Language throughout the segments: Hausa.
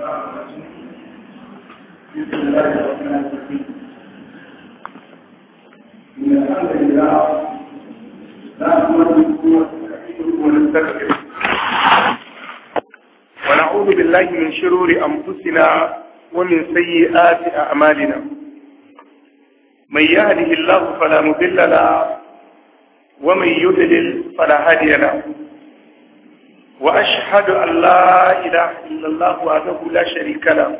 بسم الله الرحمن الرحيم الحمد لله ونعوذ بالله من شرور أنفسنا ومن سيئات أعمالنا من يهده الله فلا مضل له ومن يضلل فلا هادي له وأشهد أن لا إله إلا الله وحده لا شريك له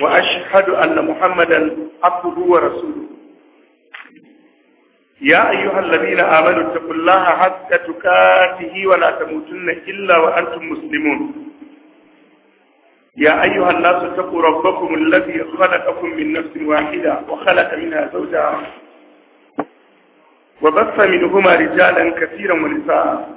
وأشهد أن محمدا عبده ورسوله يا أيها الذين آمنوا اتقوا الله حق تكاته ولا تموتن إلا وأنتم مسلمون يا أيها الناس اتقوا ربكم الذي خلقكم من نفس واحدة وخلق منها زوجها وبث منهما رجالا كثيرا ونساء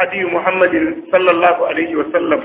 hadi Muhammadin sallallahu alaihi wa sallam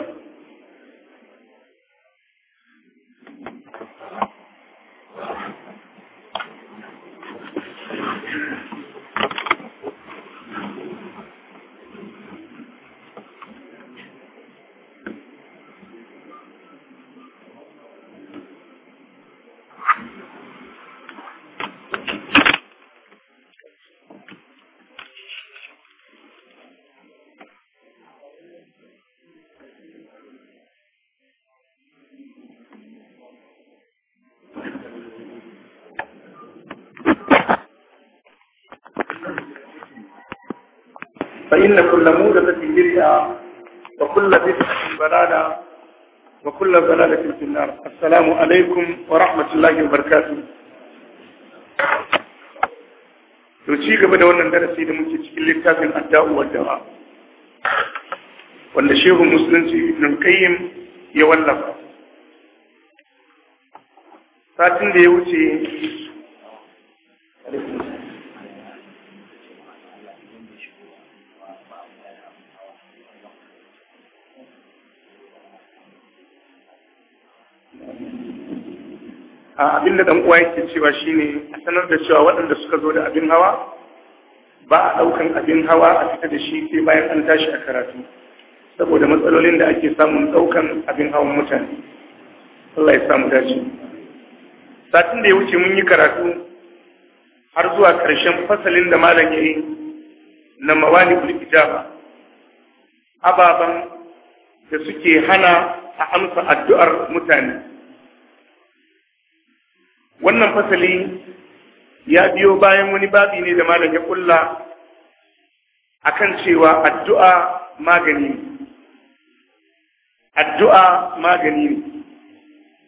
فإن كل مودة بدعة وكل بدعة ضلالة وكل ضلالة في النار السلام عليكم ورحمة الله وبركاته to ci gaba da wannan darasi da muke cikin littafin adda'u wa dawa wanda shehu musulunci ibn qayyim ya wallafa satin da ya wuce A abinda dan uwa yake cewa shine a sanar da cewa waɗanda suka zo da abin hawa ba a ɗaukan abin hawa a fita da shi sai bayan an tashi a karatu saboda matsalolin da ake samun ɗaukan abin hawan mutane Allah ya samu dace satin da ya wuce mun yi karatu har zuwa ƙarshen fasalin da malam ya yi na mawali ijaba ababan da suke hana a amsa addu'ar mutane wannan fasali ya biyo bayan wani babi ne da malam ya kulla akan cewa addu'a magani addu'a magani ne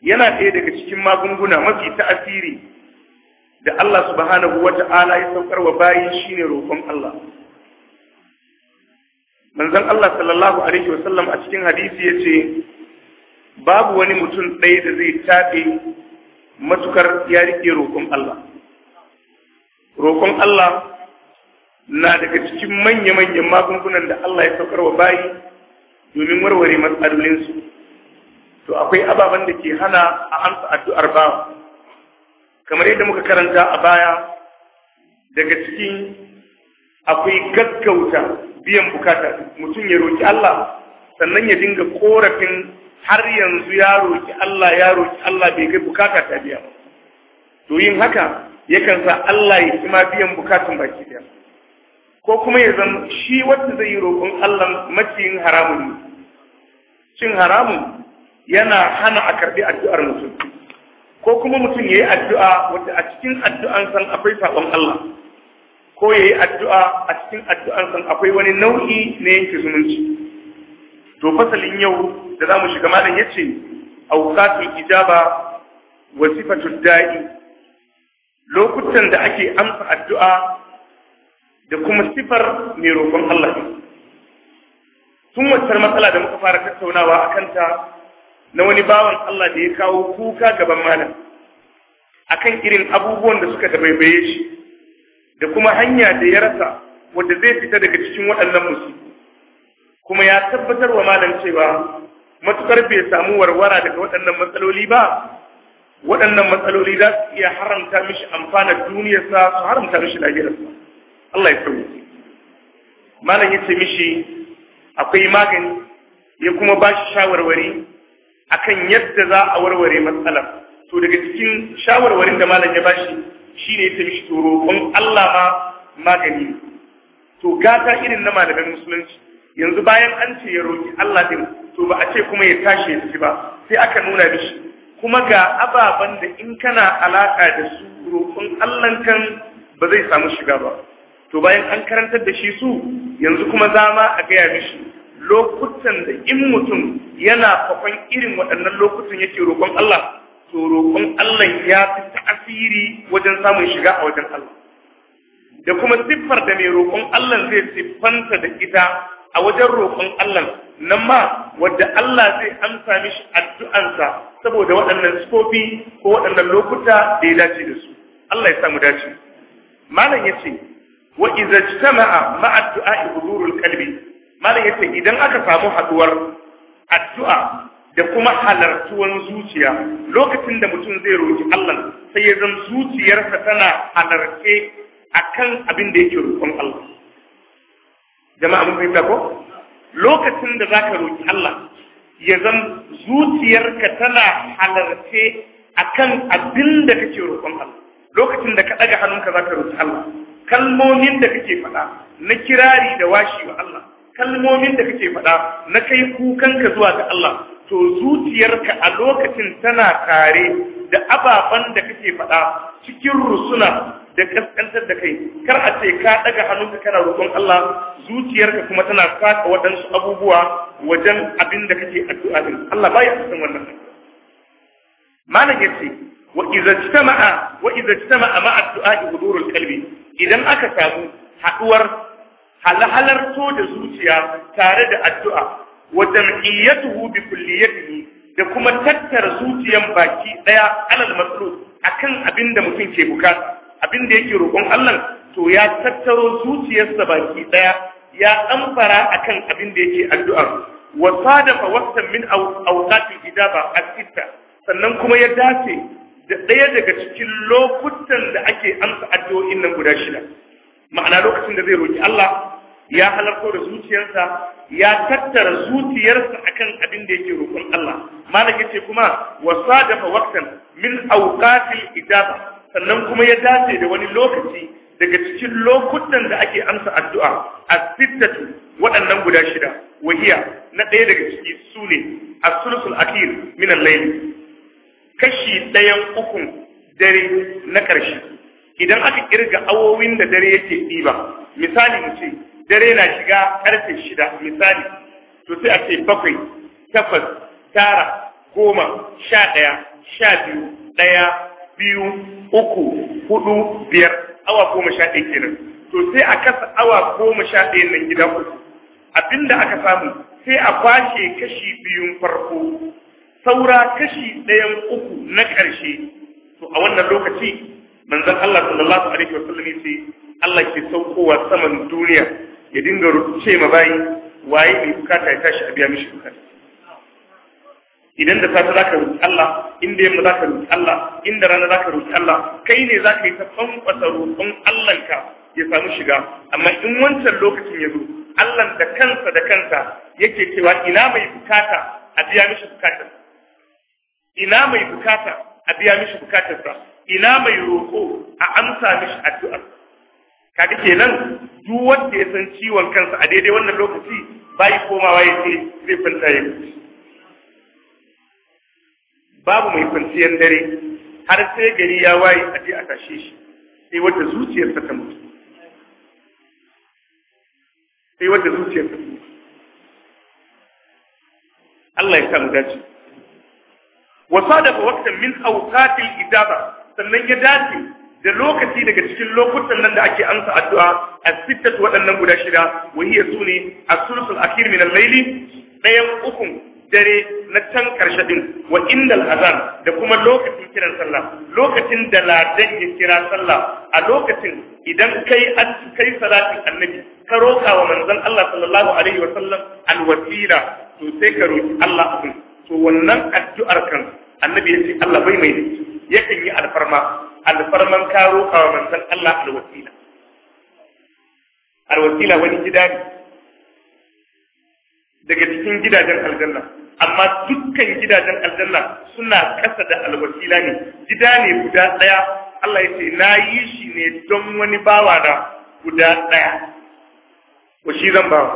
yana ɗaya daga cikin magunguna mafi ta'asiri da Allah subhanahu wa ta'ala ya saukar wa bayi shine roƙon Allah manzon Allah sallallahu alaihi wa a cikin hadisi yace babu wani mutum ɗaya da zai taɓe matukar ya rike roƙon Allah roƙon Allah na daga cikin manya-manyan magungunan da Allah ya saukar wa bayi domin warware matsalolinsu to akwai ababen da ke hana a amsa addu'ar ba, kamar yadda muka karanta a baya daga cikin akwai gaggauta biyan bukata mutum ya roƙi Allah sannan ya dinga korafin har yanzu ya roki Allah ya roki Allah bai kai bukata ta biya ba to yin haka yakan sa Allah ya kima biyan bukatun baki ɗaya. ko kuma ya zama shi wanda zai yi roƙon Allah maciyin haramun ne cin haramun yana hana a karɓi addu'ar mutum ko kuma mutum ya yi addu'a wadda a cikin addu'an san akwai saƙon Allah ko ya yi addu'a a cikin addu'an san akwai wani nau'i na yanke zumunci to fasalin yau da za mu shiga malam yace ce ijaba wa sifatul da'i lokutan da ake amsa addu'a da kuma sifar mai roƙon Allah ne tun matsala da muka fara tattaunawa a kanta na wani bawan Allah da ya kawo kuka gaban malam akan irin abubuwan da suka dabaibaye shi da kuma hanya da ya rasa wadda zai fita daga cikin waɗannan musibu kuma ya tabbatar wa malam cewa matukar bai samu warwara daga waɗannan matsaloli ba waɗannan matsaloli za su iya haramta mishi amfanar duniyarsa su haramta mishi lahirarsa Allah ya sauya malam ya ce mishi akwai magani ya kuma ba shi shawarwari akan yadda za a warware matsalar to daga cikin shawarwarin da malam ya bashi shine ya ce mishi to roƙon Allah ma magani to gata irin na malamin musulunci yanzu bayan an ce ya roki Allah din to ba a ce kuma ya tashi ya ci ba sai aka nuna mishi kuma ga ababan da in kana alaka da su roƙon Allah kan ba zai samu shiga ba to bayan an karantar da shi su yanzu kuma zama a gaya mishi lokutan da in mutum yana fakon irin waɗannan lokutan yake roƙon Allah to roƙon Allah ya fi ta'asiri wajen samun shiga a wajen Allah da kuma siffar da mai roƙon Allah zai siffanta da ita a wajen roƙon Allah nan ma wadda Allah zai amsa mishi addu'ansa saboda waɗannan sifofi ko waɗannan lokuta da ya dace da su Allah ya samu dace malam yace wa idza jtama'a ma'a du'a'i hudurul qalbi malam yace idan aka samu haduwar addu'a da kuma halartuwan zuciya lokacin da mutum zai roki Allah sai ya zan zuciyarsa tana halarce akan abin da yake roƙon Allah jama'a mun fahimta ko lokacin da zaka roki Allah ya zan zuciyarka tana halarce akan abin da kake roƙon Allah lokacin da ka ɗaga hannunka zaka roki Allah kalmomin da kake faɗa na kirari da washi wa Allah kalmomin da kake faɗa na kai kukanka zuwa ga Allah to zuciyarka a lokacin tana tare da ababen da kake faɗa cikin rusuna da kaskantar da kai kar a ce ka daga hannunka kana roƙon Allah zuciyarka kuma tana saka waɗansu abubuwa wajen abin da kake addu'a din Allah ya san wannan malam yace wa idza jtama'a wa idza jtama'a ma'a du'a'i hudurul qalbi idan aka samu haduwar halahalarto da zuciya tare da addu'a wa jam'iyyatuhu bi kulliyatihi da kuma tattara zuciyan baki daya alal a akan abin da mutum ke bukata abin da yake roƙon Allah to ya tattaro zuciyarsa baki daya ya amfara akan abin da yake addu'a wa sadafa waqtan min awqatil ijaba asitta sannan kuma ya dace da ɗaya daga cikin lokutan da ake amsa addu'o'in nan guda shida ma'ana lokacin da zai roki Allah ya halarto da zuciyarsa ya tattara zuciyarsa akan abin da yake roƙon Allah malaka ce kuma wa sadafa waqtan min awqatil ijaba sannan kuma ya dace da wani lokaci daga cikin lokutan da ake amsa addu'a a sittatu waɗannan guda shida wahiya na ɗaya daga ciki su ne a sulusul akir minan laili kashi ɗayan ukun dare na ƙarshe idan aka ƙirga awowin da dare yake ɗiba misali mu ce dare na shiga ƙarfe shida misali to sai a ce bakwai takwas tara goma sha ɗaya sha biyu ɗaya biyu uku hudu biyar awa goma sha ɗaya kenan to sai a kasa awa goma sha ɗaya nan gida uku abinda aka samu sai a kwashe kashi biyun farko saura kashi ɗayan uku na ƙarshe to a wannan lokaci manzon Allah sallallahu alaihi wa sallam yace Allah ke saukowa saman duniya ya dinga ce ma bayi waye mai bukata ya tashi a biya mishi bukata idan da safe zaka roki Allah inda yamma zaka roki Allah inda rana zaka roki Allah kai ne zaka yi ta fanfasa roƙon ka ya samu shiga amma in wancan lokacin ya zo Allah da kansa da kansa yake cewa ina mai bukata a biya mishi bukatar ina mai bukata a biya mishi sa ina mai roƙo a amsa mishi addu'ar kaga kenan duk wanda ya san ciwon kansa a daidai wannan lokaci bai komawa ya zai fanta ya babu mai kwanciyar dare har sai gari ya waye a je a tashe shi sai wata zuciyar ta mutu sai wata zuciyarsa ta mutu Allah ya sa mu dace wa sadaqa waqtan min awqatil ijaba sannan ya dace da lokaci daga cikin lokutan nan da ake amsa addu'a a sittat waɗannan guda shida wa hiya sune as-sulusul akhir min al-layli dayan ukun dare na can karshe din wa innal azan da kuma lokacin kiran sallah lokacin da ladan ya kira sallah a lokacin idan kai an kai salatin annabi ka roka wa manzon Allah sallallahu alaihi wa sallam alwasila to sai ka roki Allah abin to wannan addu'ar kan annabi ya ce Allah bai mai yakan yi alfarma alfarman ka roka wa manzon Allah al-wazira. al alwasila wani gida ne daga cikin gidajen aljanna amma dukkan gidajen aljanna suna kasa da alwasila ne gida ne guda ɗaya Allah ya ce na yi shi ne don wani bawa na guda ɗaya ko shi zan bawa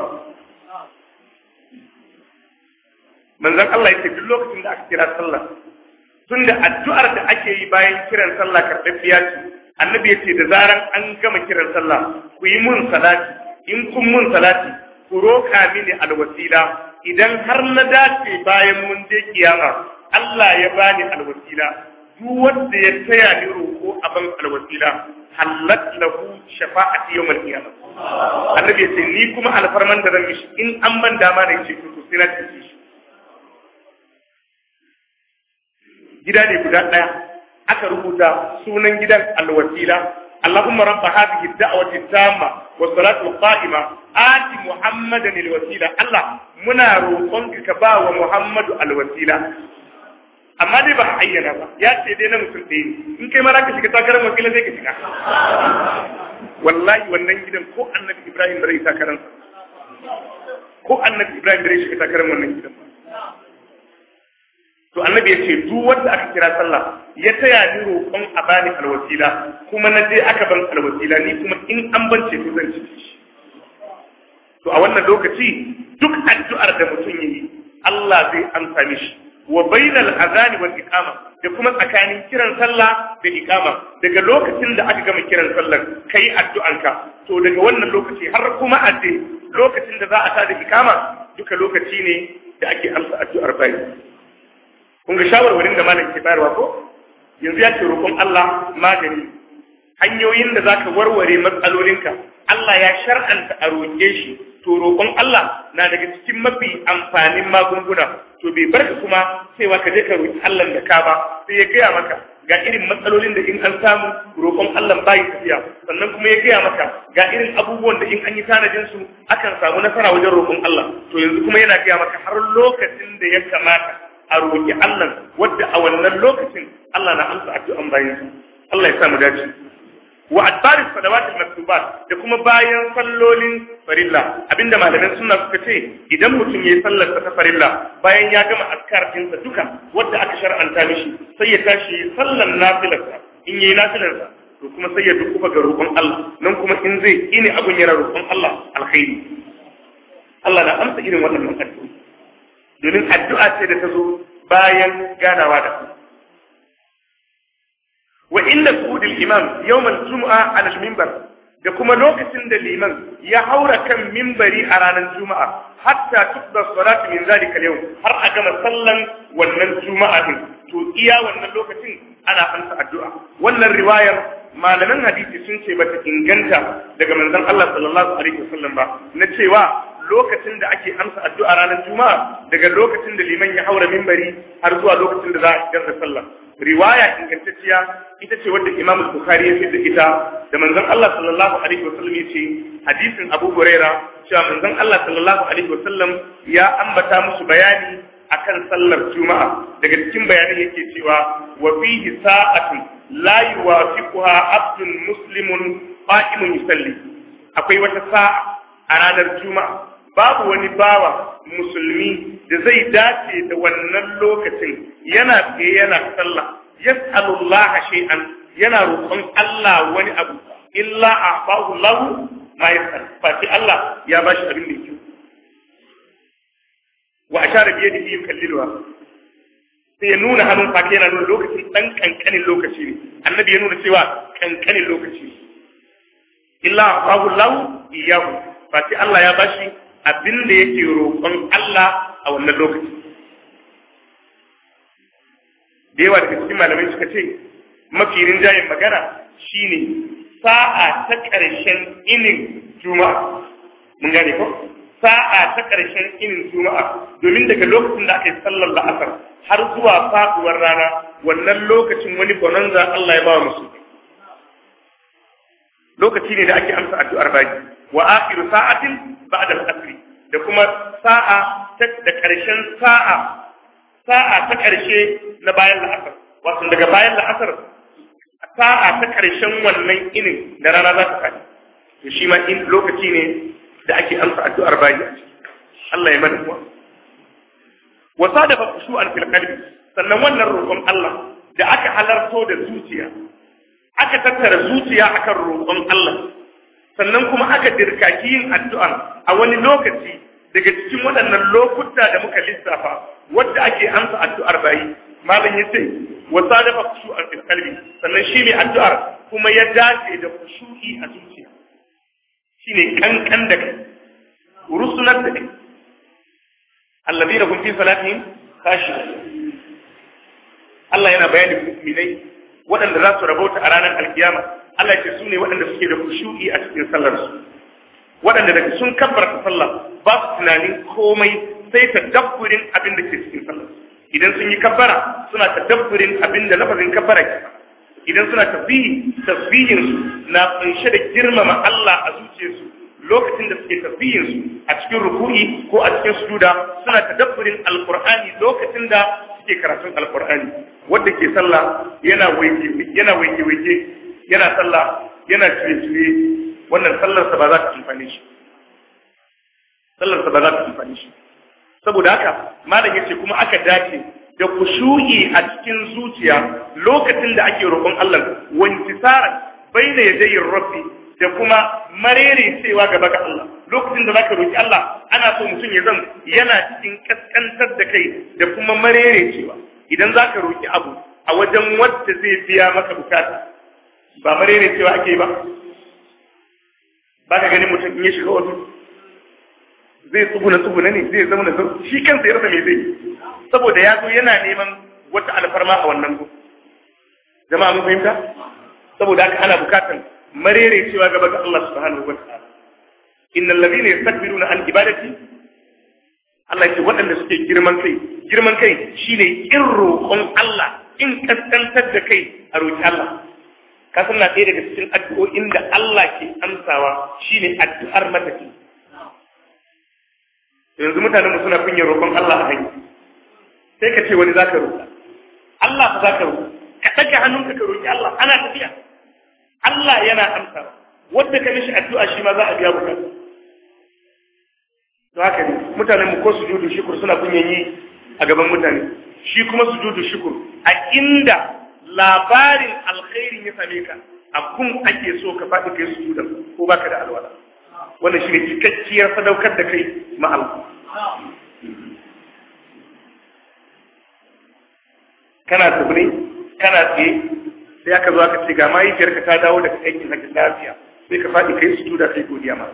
manzon Allah ya ce duk lokacin da aka kira sallah tunda addu'ar da ake yi bayan kiran sallah karɓaɓɓiya ce annabi ya ce da zaran an gama kiran sallah ku yi mun salati in kun mun salati ku roƙa mini alwasila idan har na dace bayan mun je kiyama Allah ya bani alwasila duk wanda ya taya ni roƙo a ban alwasila halat lahu shafa'ati yawmal qiyamah annabi sai ni kuma alfarman da zan mishi in an ban dama da ce to sai na tafi gida ne guda ɗaya aka rubuta sunan gidan alwasila اللهم رب هذه الدعوة التامة والصلاة القائمة آت محمدا الوسيلة الله منا روقنك كبا ومحمد الوسيلة amma dai ba ayyana ba ya ce dai na mutum in kai mara ka shiga takarar wakila sai ka shiga wallahi wannan gidan ko annabi ibrahim bai takarar ko annabi ibrahim bai shiga takarar wannan gidan to annabi ya ce duk wanda aka kira sallah ya taya ni roƙon a bani alwasila kuma na je aka ban alwasila ni kuma in an bance to zan ci to a wannan lokaci duk addu'ar da mutum yi Allah zai amsa mishi wa bainal azani wal iqama da kuma tsakanin kiran sallah da iqama daga lokacin da aka gama kiran sallar kai addu'anka to daga wannan lokaci har kuma a lokacin da za a ta da iqama duka lokaci ne da ake amsa addu'ar bayi kun ga shawarwarin da malam ke bayarwa ko yanzu ya ce roƙon Allah magani hanyoyin da zaka warware matsalolinka Allah ya shar'anta a roƙe shi to roƙon Allah na daga cikin mafi amfanin magunguna to bai bar ka kuma cewa ka je ka roƙi Allah da ka ba sai ya gaya maka ga irin matsalolin da in an samu roƙon Allah bai tafiya sannan kuma ya gaya maka ga irin abubuwan da in an yi tanadin su akan samu nasara wajen roƙon Allah to yanzu kuma yana gaya maka har lokacin da ya kamata a roƙi Allah wadda a wannan lokacin Allah na amsa addu'an bayan su Allah ya sa mu dace wa adbaris salawatul maktubat da kuma bayan sallolin farilla abinda malaman sunna suka ce idan mutum yayi sallar ta farilla bayan ya gama askar sa duka wadda aka shar'anta mishi sai ya tashi sallar nafilarsa in yayi nafilarsa to kuma sai ya dukufa ga roƙon Allah nan kuma in zai ini abun yana roƙon Allah alkhairi Allah na amsa irin wannan addu'a domin addu'a ce da ta zo bayan ganawa da ku wa inda kudin imam yawmal juma'a a mimbar da kuma lokacin da liman ya haura kan mimbari a ranar juma'a hatta tubda salatu min zalika yau har a gama sallan wannan juma'a din to iya wannan lokacin ana fanta addu'a wannan riwayar malaman hadisi sun ce bata inganta daga manzon Allah sallallahu alaihi wasallam ba na cewa lokacin da ake amsa addu'a ranar juma'a daga lokacin da liman ya haura mimbari har zuwa lokacin da za a shigar da sallah riwaya ingantacciya ita ce wadda Imam Bukhari ya fitar ita da manzon Allah sallallahu alaihi wasallam ya ce hadisin Abu Huraira cewa manzon Allah sallallahu alaihi wasallam ya ambata musu bayani akan sallar juma'a daga cikin bayanin yake cewa wa fihi sa'atun la yuwafiquha abdun muslimun qa'imun yusalli akwai wata sa'a a ranar juma'a babu wani bawa musulmi da zai dace da wannan lokacin yana tsaye yana sallah yas'alullaha shay'an yana roƙon Allah wani abu illa a'tahu lahu ma yas'al fati Allah ya bashi abin da yake wa ashara bi yadihi yukallilwa sai ya nuna hannun fati yana nuna lokacin ɗan kankanin lokaci ne annabi ya nuna cewa kankanin lokaci illa a'tahu lahu iyahu fati Allah ya bashi abin da yake roƙon Allah a wannan lokaci da yawa daga cikin malamai suka ce mafi rinjayen magana shine sa'a ta ƙarshen inin juma'a mun gane ko sa'a ta ƙarshen inin juma'a domin daga lokacin da aka yi sallar la'asar har zuwa faɗuwar rana wannan lokacin wani bonanza Allah ya ba wa lokaci ne da ake amsa addu'ar baki wa akhiru sa'atin ba'da al da kuma sa'a da ƙarshen sa'a sa'a ta ƙarshe na bayan la'asar wato daga bayan la'asar sa'a ta ƙarshen wannan inin da rana za ta kai to shi ma in lokaci ne da ake amsa addu'ar bayi Allah ya mana kuwa wa sadafa khushu'an fil qalbi sannan wannan roƙon Allah da aka halarto da zuciya aka tattara zuciya akan roƙon Allah sannan kuma aka dirkaki yin addu'a a wani lokaci daga cikin waɗannan lokuta da muka lissafa wadda ake amsa addu'ar bayi malam ya ce wa sadafa khushu'an fil qalbi sannan shi ne addu'ar kuma ya dace da khushu'i a zuciya shine kankan da kai rusunar da kai alladhina hum fi salatihim khashi'un Allah yana bayani mu'minai waɗanda za su rabauta a ranar alkiyama Allah ya su ne waɗanda suke da khushu'i a cikin sallar su waɗanda daga sun kabbarta sallah ba su tunanin komai sai tadabburin abin da ke cikin sallar idan sun yi kabbara suna ta tadabburin abin da lafazin kabbara ke idan suna tasbihi tasbihin su na kunshe da girmama Allah a zuciyarsu lokacin da suke tasbihin su a cikin ruku'i ko a cikin sujuda suna ta tadabburin alqur'ani lokacin da suke karatun alqur'ani wanda ke sallah yana waike yana waje waje yana sallah yana cire-cire wannan sallarsa ba za ta amfani shi sallarsa ba za ta amfani shi saboda haka malam yace kuma aka dace da kushu'i a cikin zuciya lokacin da ake roƙon Allah wantisara baina yadayi rabbi da kuma marere cewa gaba ga Allah lokacin da zaka roki Allah ana so mutum ya zan yana cikin kaskantar da kai da kuma marere cewa idan zaka roki abu a wajen wanda zai biya maka bukata ba ne cewa ake ba ba ka gani mutum in ya shiga ofis zai tsuguna tsuguna ne zai zama da shi kansa ya rasa me zai saboda ya zo yana neman wata alfarma a wannan gu jama'a mun fahimta saboda haka ana bukatan marere cewa gaba ga Allah subhanahu wa ta'ala innal ladina yastakbiruna an ibadati Allah ya ce waɗanda suke girman kai girman kai shine irro kon Allah in kaskantar da kai a roki Allah kasan na ɗaya daga cikin addu'o'in da Allah ke amsawa shine addu'ar mataki. yanzu mutanenmu suna kunyar roƙon Allah a hanyar sai ka ce wani za ka roƙa Allah fa za ka roƙa ka ɗaga hannunka ka roƙi Allah ana tafiya Allah yana amsawa Wadda ka mishi addu'a shi ma za a biya bukata to haka ne mutanenmu ko su judu shukur suna kunyan yi a gaban mutane shi kuma su judu shukur a inda labarin alkhairi ya same ka a kun ake so ka faɗi kai su da ko baka da alwala wannan ne cikakkiyar sadaukar da kai ma Allah kana tsibiri kana tsaye sai aka zo aka ce ga mahaifiyarka ta dawo daga aikin na lafiya sai ka faɗi kai su da kai godiya ma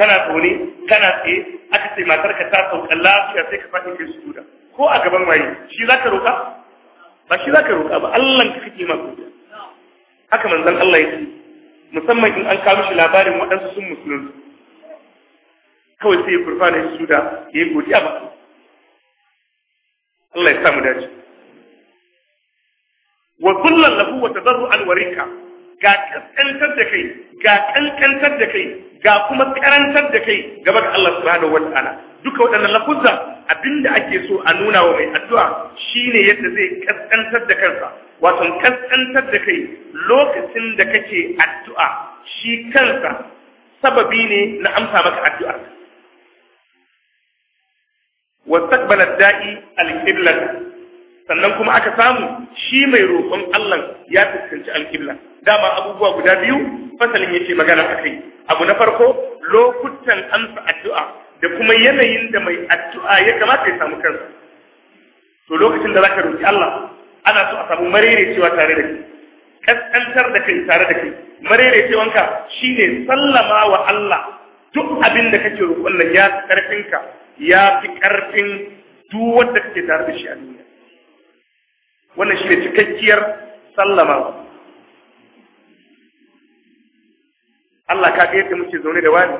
kana tsone kana tsaye aka ce matarka ta sauka lafiya sai ka faɗi kai su da ko a gaban waye shi za ka roƙa ba shi za ka roƙa ba Allah ka kake ma godiya haka manzon Allah ya ce musamman in an kawo shi labarin waɗansu sun musulun. kawai sai ya kurfana su da ya yi godiya ba Allah ya samu dace wa kullum lahu wa tadarru an ga kankantar da kai ga kankantar da kai ga kuma karantar da kai gaba ga Allah subhanahu wa ta'ala duka waɗannan lafuzza Abin da ake so a nuna wa mai addu'a shine yadda zai kaskantar da kansa wato kaskantar da kai lokacin da kake addu'a shi kansa sababi ne na amsa maka addu'a wastaqbala da'i al sannan kuma aka samu shi mai roƙon Allah ya fuskanci al dama abubuwa guda biyu fasalin yake magana akai abu na farko lokutan amsa addu'a da kuma yanayin da mai addu'a ya kamata ya samu kansa to lokacin da zaka roki Allah ana so a samu marere cewa tare da kai kaskantar da kai tare da kai marere shine sallama wa Allah duk abin da kake roƙon nan ya fi karfinka ya fi karfin duk wanda kake tare da shi a duniya wannan shine cikakkiyar sallama Allah ka ga yadda muke zaune da wani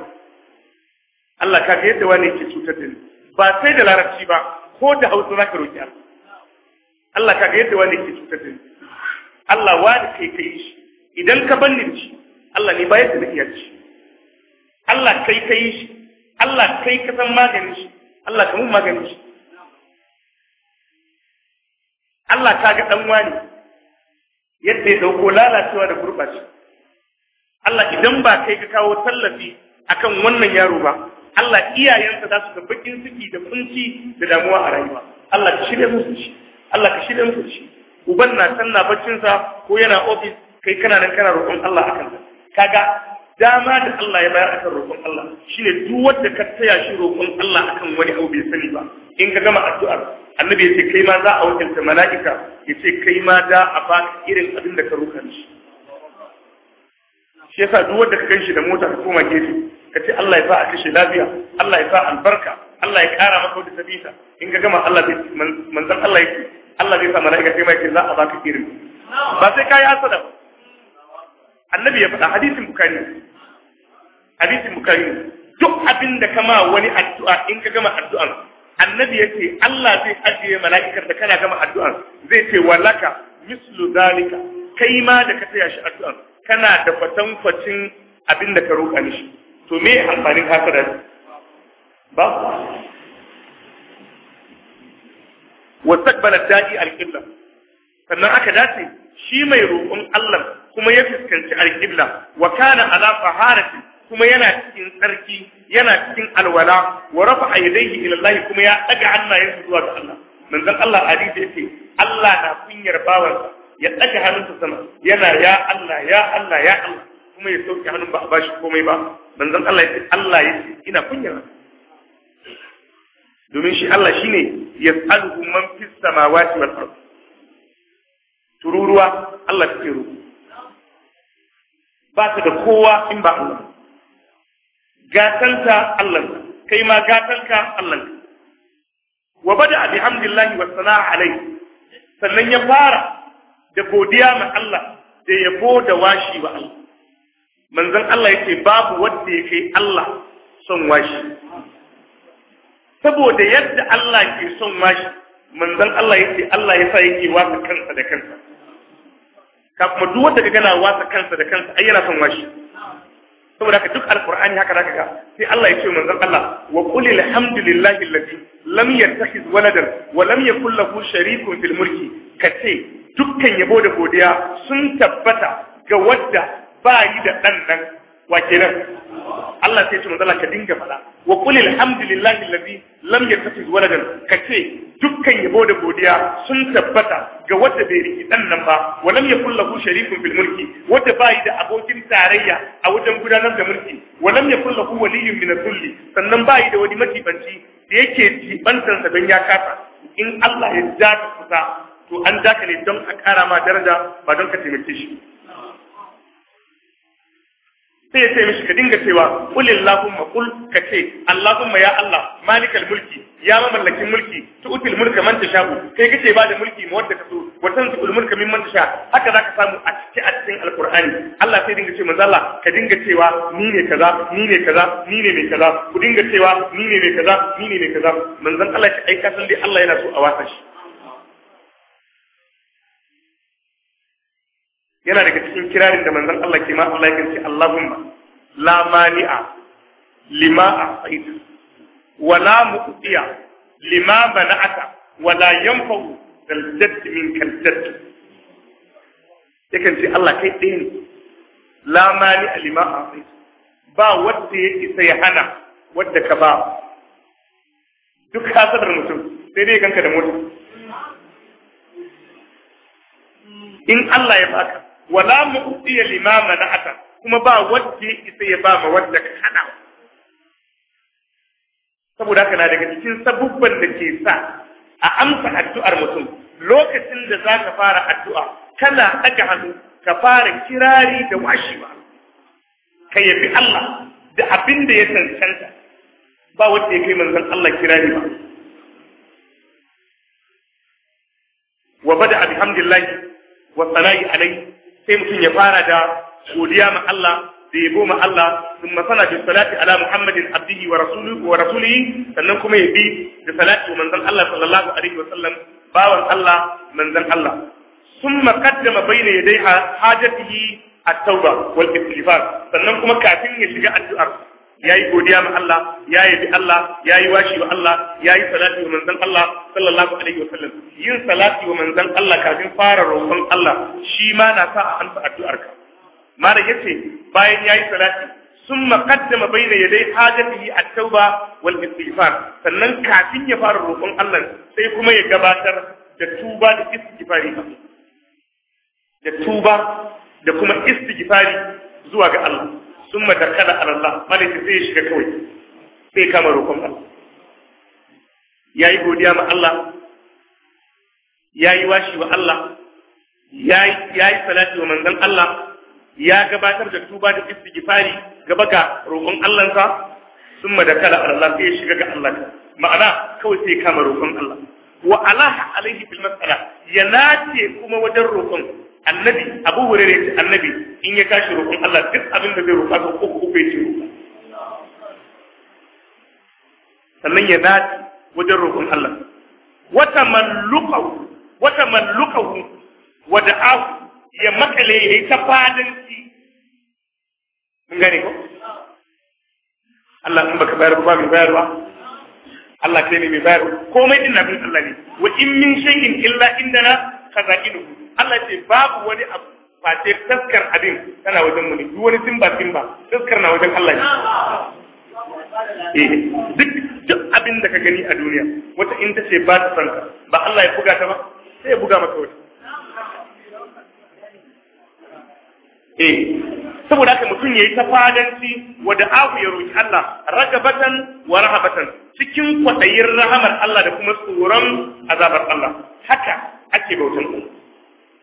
Allah ka ga yadda wani yake cutar da ni ba sai da larabci ba ko da hausa zaka roki Allah Allah ka ga yadda wani yake cutar da ni Allah wani kai kai shi idan ka banni shi Allah ne ba yadda na iya ci. Allah kai kai shi Allah kai ka san maganin shi Allah ka mun maganin shi Allah ka ga dan wani yadda ya dauko lalacewa da gurbaci Allah idan ba kai ka kawo tallafi akan wannan yaro ba Allah iyayensa za su ga bakin ciki da kunci da damuwa a rayuwa Allah ka shirya musu shi Allah ka shirya musu shi uban na can na baccinsa ko yana ofis kai kana nan kana roƙon Allah akan Ka kaga dama da Allah ya bayar akan roƙon Allah shine duk wanda ka taya shi roƙon Allah akan wani abu bai sani ba in ka gama addu'ar annabi ya ce kai ma za a wakilta mala'ika ya ce kai ma da a ba irin abin da ka roƙa shi shi yasa duk wanda ka ganshi da mota ka koma gefe ka ce Allah ya sa a kashe lafiya Allah ya sa albarka Allah ya kara maka wata sabita in ka gama Allah zai manzon Allah yake Allah zai sa mala'ika sai mai za a baka irin ba sai kai hasada ba annabi ya faɗa hadisin bukari hadisin bukari duk abin da kama wani addu'a in ka gama addu'an annabi ya ce Allah zai ajiye mala'ikar da kana gama addu'an zai ce walaka mislu zalika kai ma da ka taya shi addu'an kana da fatankwacin abin da ka roƙa mishi to me amfanin hasada ba wastaqbala da'i al-qibla sannan aka dace shi mai roƙon Allah kuma ya fuskanci al-qibla wa kana ala kuma yana cikin tsarki yana cikin alwala wa rafa yadayhi ila Allah kuma ya daga hannayensa zuwa ga Allah manzon Allah hadisi yace Allah na kunyar bawansa ya daga hannunsa sama yana ya Allah ya Allah ya Allah kuma ya sauke hannun ba a bashi komai ba manzon Allah ya ce Allah ya ce ina kunya domin shi Allah shine tsalu man fis samawati wal ard tururuwa Allah take ru ba ta da kowa in ba Allah gatanta Allah kai ma gatanka Allah wa bada bi hamdillahi wa sana'a sannan ya fara da godiya ma Allah da yabo da washi wa Allah manzon Allah yake babu wanda yake Allah son washi saboda yadda Allah ke son washi manzon Allah yake Allah yasa yake wasa kansa da kansa kafin duk wanda kaga wasa kansa da kansa ai yana son washi saboda haka duk alqur'ani haka zaka ga sai Allah ya ce manzon Allah wa qul alhamdulillahi alladhi lam yattakhiz waladan wa lam yakul lahu sharikun fil mulki kace dukkan yabo da godiya sun tabbata ga wadda ba yi da ɗan nan wa kenan Allah sai ce manzo ka dinga fada wa qul alhamdulillahi alladhi lam yattakhidh waladan ka ce dukkan yabo da godiya sun tabbata ga wanda bai riki dan nan ba wa lam yakul lahu sharikun fil mulki wanda bai da abokin tarayya a wajen gudanar da mulki wa lam yakul lahu waliyyun min al-kulli sannan bai da wani matibanci da yake jibantar sa dan ya kasa in Allah ya jaka kusa to an daka ne don a kara ma daraja ba don ka taimake shi sai ya ce mishi ka dinga cewa qul allahumma qul ka ce allahumma ya allah malikal mulki ya mamallakin mulki util mulka man tasha'u kai kace ba da mulki mu wanda so wa tanzul mulka mimman tasha haka zaka samu a cikin addin alqur'ani Allah sai dinga ce manzo Allah ka dinga cewa ni ne kaza ni ne kaza ni ne mai kaza ku dinga cewa ni ne mai kaza ni ne mai kaza manzan Allah ya aika san dai Allah yana so a wasa shi yana daga cikin kirarin da manzon Allah ke ma Allah ya ce Allahumma la mani'a lima a'tait wa la mu'tiya lima wa la yanfa'u dal min kal yakan ce Allah kai ɗaya ne la mani'a lima a'tait ba wanda ya isa ya hana wanda ka ba duk hasadar mutum sai dai ganka da mutum in Allah ya baka wala mu'tiya limama na'ata kuma ba wanda isa ya ba ma wanda ka hana saboda haka na daga cikin sabubban da ke sa a amsa addu'ar mutum lokacin da za ka fara addu'a kana ɗaga hannu ka fara kirari da washewa ka yabi Allah da abin da ya cancanta ba wanda ya kai manzon Allah kirari ba wa bada alhamdulillah wa salai alai sai mutum ya fara da godiya ma Allah da yabo ma Allah thumma masana bi salati ala muhammadin abdihi wa rasulihi wa rasulihi sannan kuma ya bi da salati wa manzon Allah sallallahu alaihi wa sallam bawan Allah manzon Allah thumma qaddama bayna yaday hajatihi at-tauba wal istighfar sannan kuma kafin ya shiga addu'ar Ya yi godiya ma Allah ya yabi Allah ya yi washi wa Allah ya yi salati wa manzon Allah sallallahu alaihi wa sallam yin salati wa manzon Allah kafin fara roƙon Allah shi ma na sa a amsa addu'arka malam yace bayan yayi salati summa qaddama bayna yaday hajatihi at-tauba wal istighfar sannan kafin ya fara roƙon Allah sai kuma ya gabatar da tuba da istighfari da tuba da kuma istighfari zuwa ga Allah sun matakala a Allah malaka sai ya shiga kawai sai kama roƙon Allah ya yi godiya ma Allah ya yi washi wa Allah ya yi salati wa manzon Allah ya gabatar da tuba da istighfari gaba ga roƙon Allahnsa sun matakala a Allah sai ya shiga ga Allah ma'ana kawai sai kama roƙon Allah wa alaha alaihi bil mas'ala ya nace kuma wajen roƙon annabi abu hurairu ce annabi in ya tashi roƙon Allah duk abin da zai roƙa ko uku uku yace roƙa sannan ya dace wajen roƙon Allah wata mallukahu wata mallukahu wada ahu ya makale ya yi ta ki mun gane ko Allah in baka bayar ba mai bayarwa Allah kai ne mai bayarwa komai din nabin Allah ne wa in min shay'in illa indana kazaqinu Allah ce babu wani abu face taskar abin tana wajen wani. duk wani simba simba taskar na wajen Allah ne eh, duk duk abin da ka gani a duniya wata in ta ce ba ta sanka ba Allah ya buga ta ba sai ya buga maka wata eh saboda haka mutum ya yi ta fadanci wa ahu ya roƙi Allah ragabatan wa rahabatan cikin kwaɗayin rahamar Allah da kuma tsoron azabar Allah haka ake bautan Allah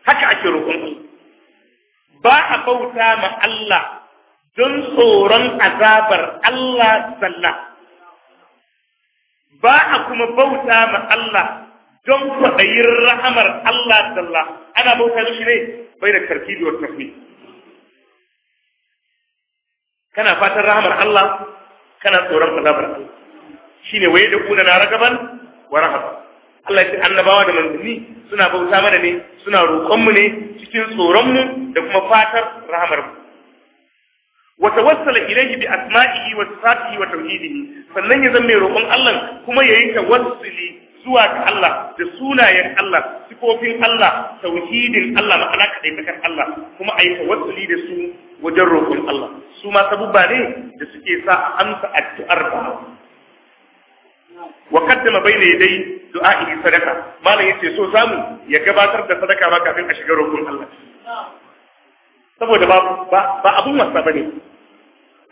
haka ake roƙon ba a bauta ma Allah don tsoron azabar Allah sallah ba a kuma bauta ma Allah don kwaɗayin rahamar Allah sallah ana bauta shi ne bai da tarkibi wa tafi kana fatan rahamar Allah kana tsoron azabar Allah ne waye da kuna na ragaban wa rahaban Allah ya annabawa da manzanni suna bauta mana ne suna roƙon mu ne cikin tsoron mu da kuma fatar rahamar mu wa tawassala ilayhi bi asma'ihi wa sifatihi wa tauhidihi sannan ya zama mai roƙon Allah kuma yi tawassuli zuwa ga Allah da sunayen Allah sifofin Allah tauhidin Allah ma'ana kadaitakar Allah kuma ayi tawassuli da su wajen roƙon Allah su ma sabubba ne da suke sa amsa addu'ar ba wa qaddama bayna yaday du'a'i sadaka malam yace so samu ya gabatar da sadaka ma kafin a shiga roƙon Allah saboda ba abun wasa bane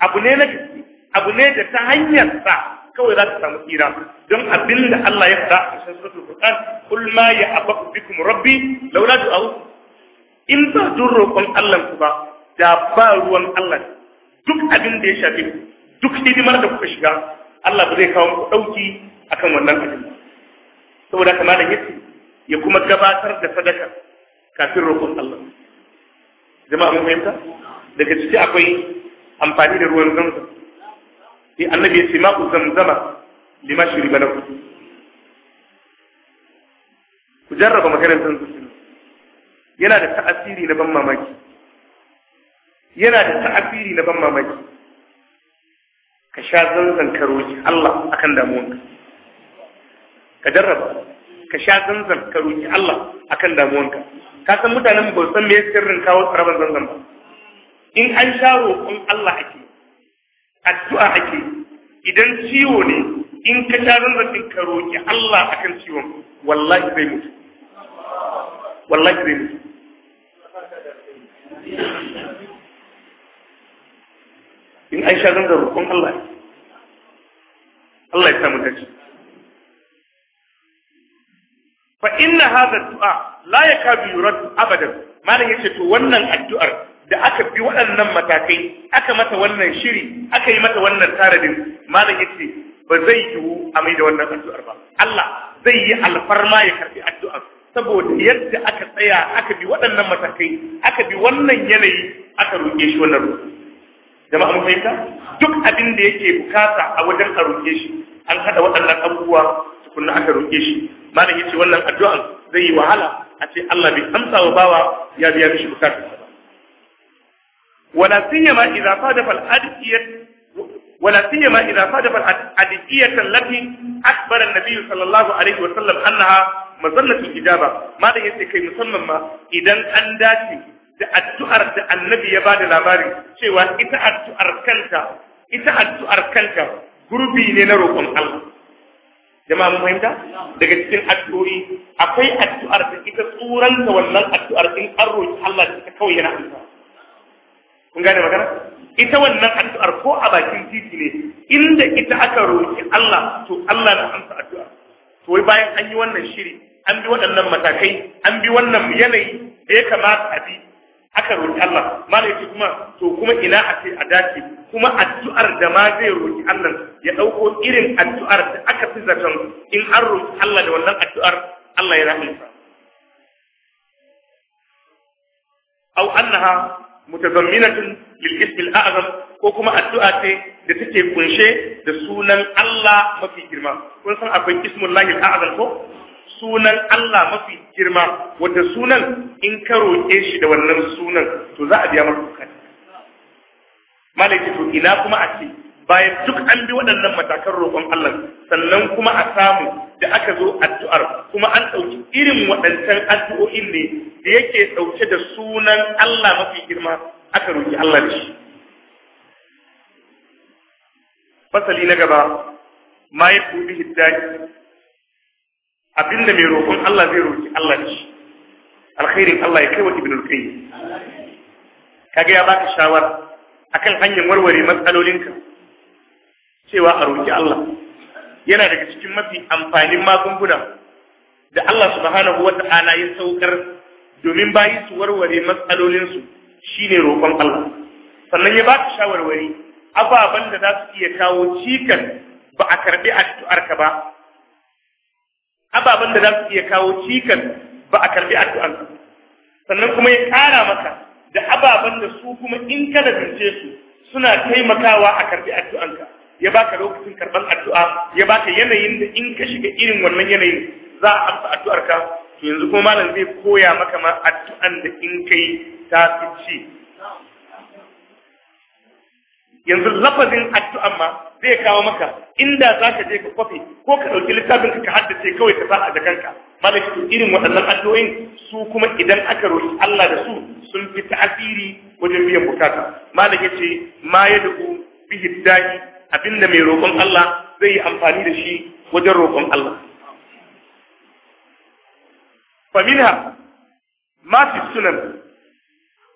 abu ne na gaske abu ne da ta hanyar sa kawai za ta samu tsira don abin Allah ya faɗa a cikin suratul Qur'an kul ma ya abaku bikum rabbi laula du'a'u in ba dun roƙon Allah ku ba da ba ruwan Allah duk abinda da ya shafi duk hidimar da kuka shiga Allah ba zai kawo muku ɗauki akan wannan abin saboda haka malam yace ya kuma gabatar da sadaka kafin roƙon Allah jama'a mun fahimta daga ciki akwai amfani da ruwan zamzam sai annabi ya ce ku zamzama lima shuriba lahu ku jarraba maganar zuciya yana da ta'asiri na ban mamaki yana da ta'asiri na ban mamaki ka sha zanzan ka roki Allah akan damuwanka ka jarraba ka sha zanzan ka roki Allah akan damuwanka ka san mutanen ba san me sirrin kawo tsaraban zanzan ba in an sha roƙon Allah ake addu'a ake idan ciwo ne in ka sha zanzan din ka roki Allah akan ciwon wallahi zai mutu wallahi zai mutu in an sha zanzan rukun Allah Allah ya samu dace fa inna hadha du'a la yakabi yurad abadan malam yace to wannan addu'ar da aka bi waɗannan matakai aka mata wannan shiri aka yi mata wannan taradin malam yace ba zai yiwu a mai da wannan addu'ar ba Allah zai yi alfarma ya karbi addu'ar saboda yadda aka tsaya aka bi waɗannan matakai aka bi wannan yanayi aka roƙe shi wannan jama'a mun fahimta duk abin da yake bukata a wajen a roƙe shi an haɗa waɗannan abubuwa tukunna aka roƙe shi malam yace wannan addu'an zai yi wahala a ce Allah bai amsa wa bawa ya biya mishi bukatarsa ba wala siyama idza sadafa al-adiyat ولا سيما إذا صادف الأدعية التي أخبر النبي صلى الله عليه وسلم أنها مظلة الإجابة ما لا يسكي مسمى إذا أن داتي da addu'ar da annabi ya bada labarin cewa ita addu'ar kanta ita addu'ar kanta gurbi ne na roƙon Allah jama'a mun fahimta daga cikin addu'o'i akwai addu'ar da ita tsuranta wannan addu'ar in an roƙi Allah da ita kawai yana amsa kun gane magana ita wannan addu'ar ko a bakin titi ne inda ita aka roƙi Allah to Allah na amsa addu'a to wai bayan an yi wannan shiri an bi waɗannan matakai an bi wannan yanayi da ya kamata a bi aka roƙi Allah malai kuma to kuma ina a ce a dace kuma addu'ar da ma zai roƙi Allah ya ɗauko irin addu'ar da aka fi zaton in an roƙi Allah da wannan addu'ar Allah ya rahimta aw annaha mutazamminatun lil ism al a'zam ko kuma addu'a ce da take kunshe da sunan Allah mafi girma kun san akwai ismullahi ko sunan Allah mafi girma wanda sunan in ka roƙe shi da wannan sunan to za a biya maka bukata malaki to ina kuma a ce bayan duk an bi waɗannan matakan roƙon Allah sannan kuma a samu da aka zo addu'ar kuma an ɗauki irin waɗancan addu'o'in ne da yake ɗauke da sunan Allah mafi girma aka roƙi Allah da shi fasali na gaba ma yi tuɗi abinda mai roƙon Allah zai roƙi Allah da alkhairin Allah ya kai wa ibn al-qayyim kage ya baka shawara akan hanyar warware matsalolinka cewa a roƙi Allah yana daga cikin mafi amfanin magunguna da Allah subhanahu wata'ala ya saukar domin bayi su warware matsalolinsu shine roƙon Allah sannan ya baka shawarwari ababen da za su iya kawo cikas ba a karɓi addu'arka ba ababen da za su iya kawo cikas ba a karbi addu'an sannan kuma ya kara maka da ababen da su kuma in ka nazarce su suna taimakawa a karbi addu'anka ya baka lokacin karban addu'a ya baka yanayin da in ka shiga irin wannan yanayin za a amsa addu'arka to yanzu kuma malam zai koya maka ma addu'an da in kai ta fi ci yanzu lafazin addu'an ma zai kawo maka inda za ka je ka kwafi ko ka ɗauki littafin ka haddace kawai ka sa a jakanka malaki to irin waɗannan addu'o'in su kuma idan aka roƙi Allah da su sun fi ta'asiri wajen biyan bukata malaki ce ma ya da'u bihi dahi abinda mai roƙon Allah zai yi amfani da shi wajen roƙon Allah faminha ma fi sunan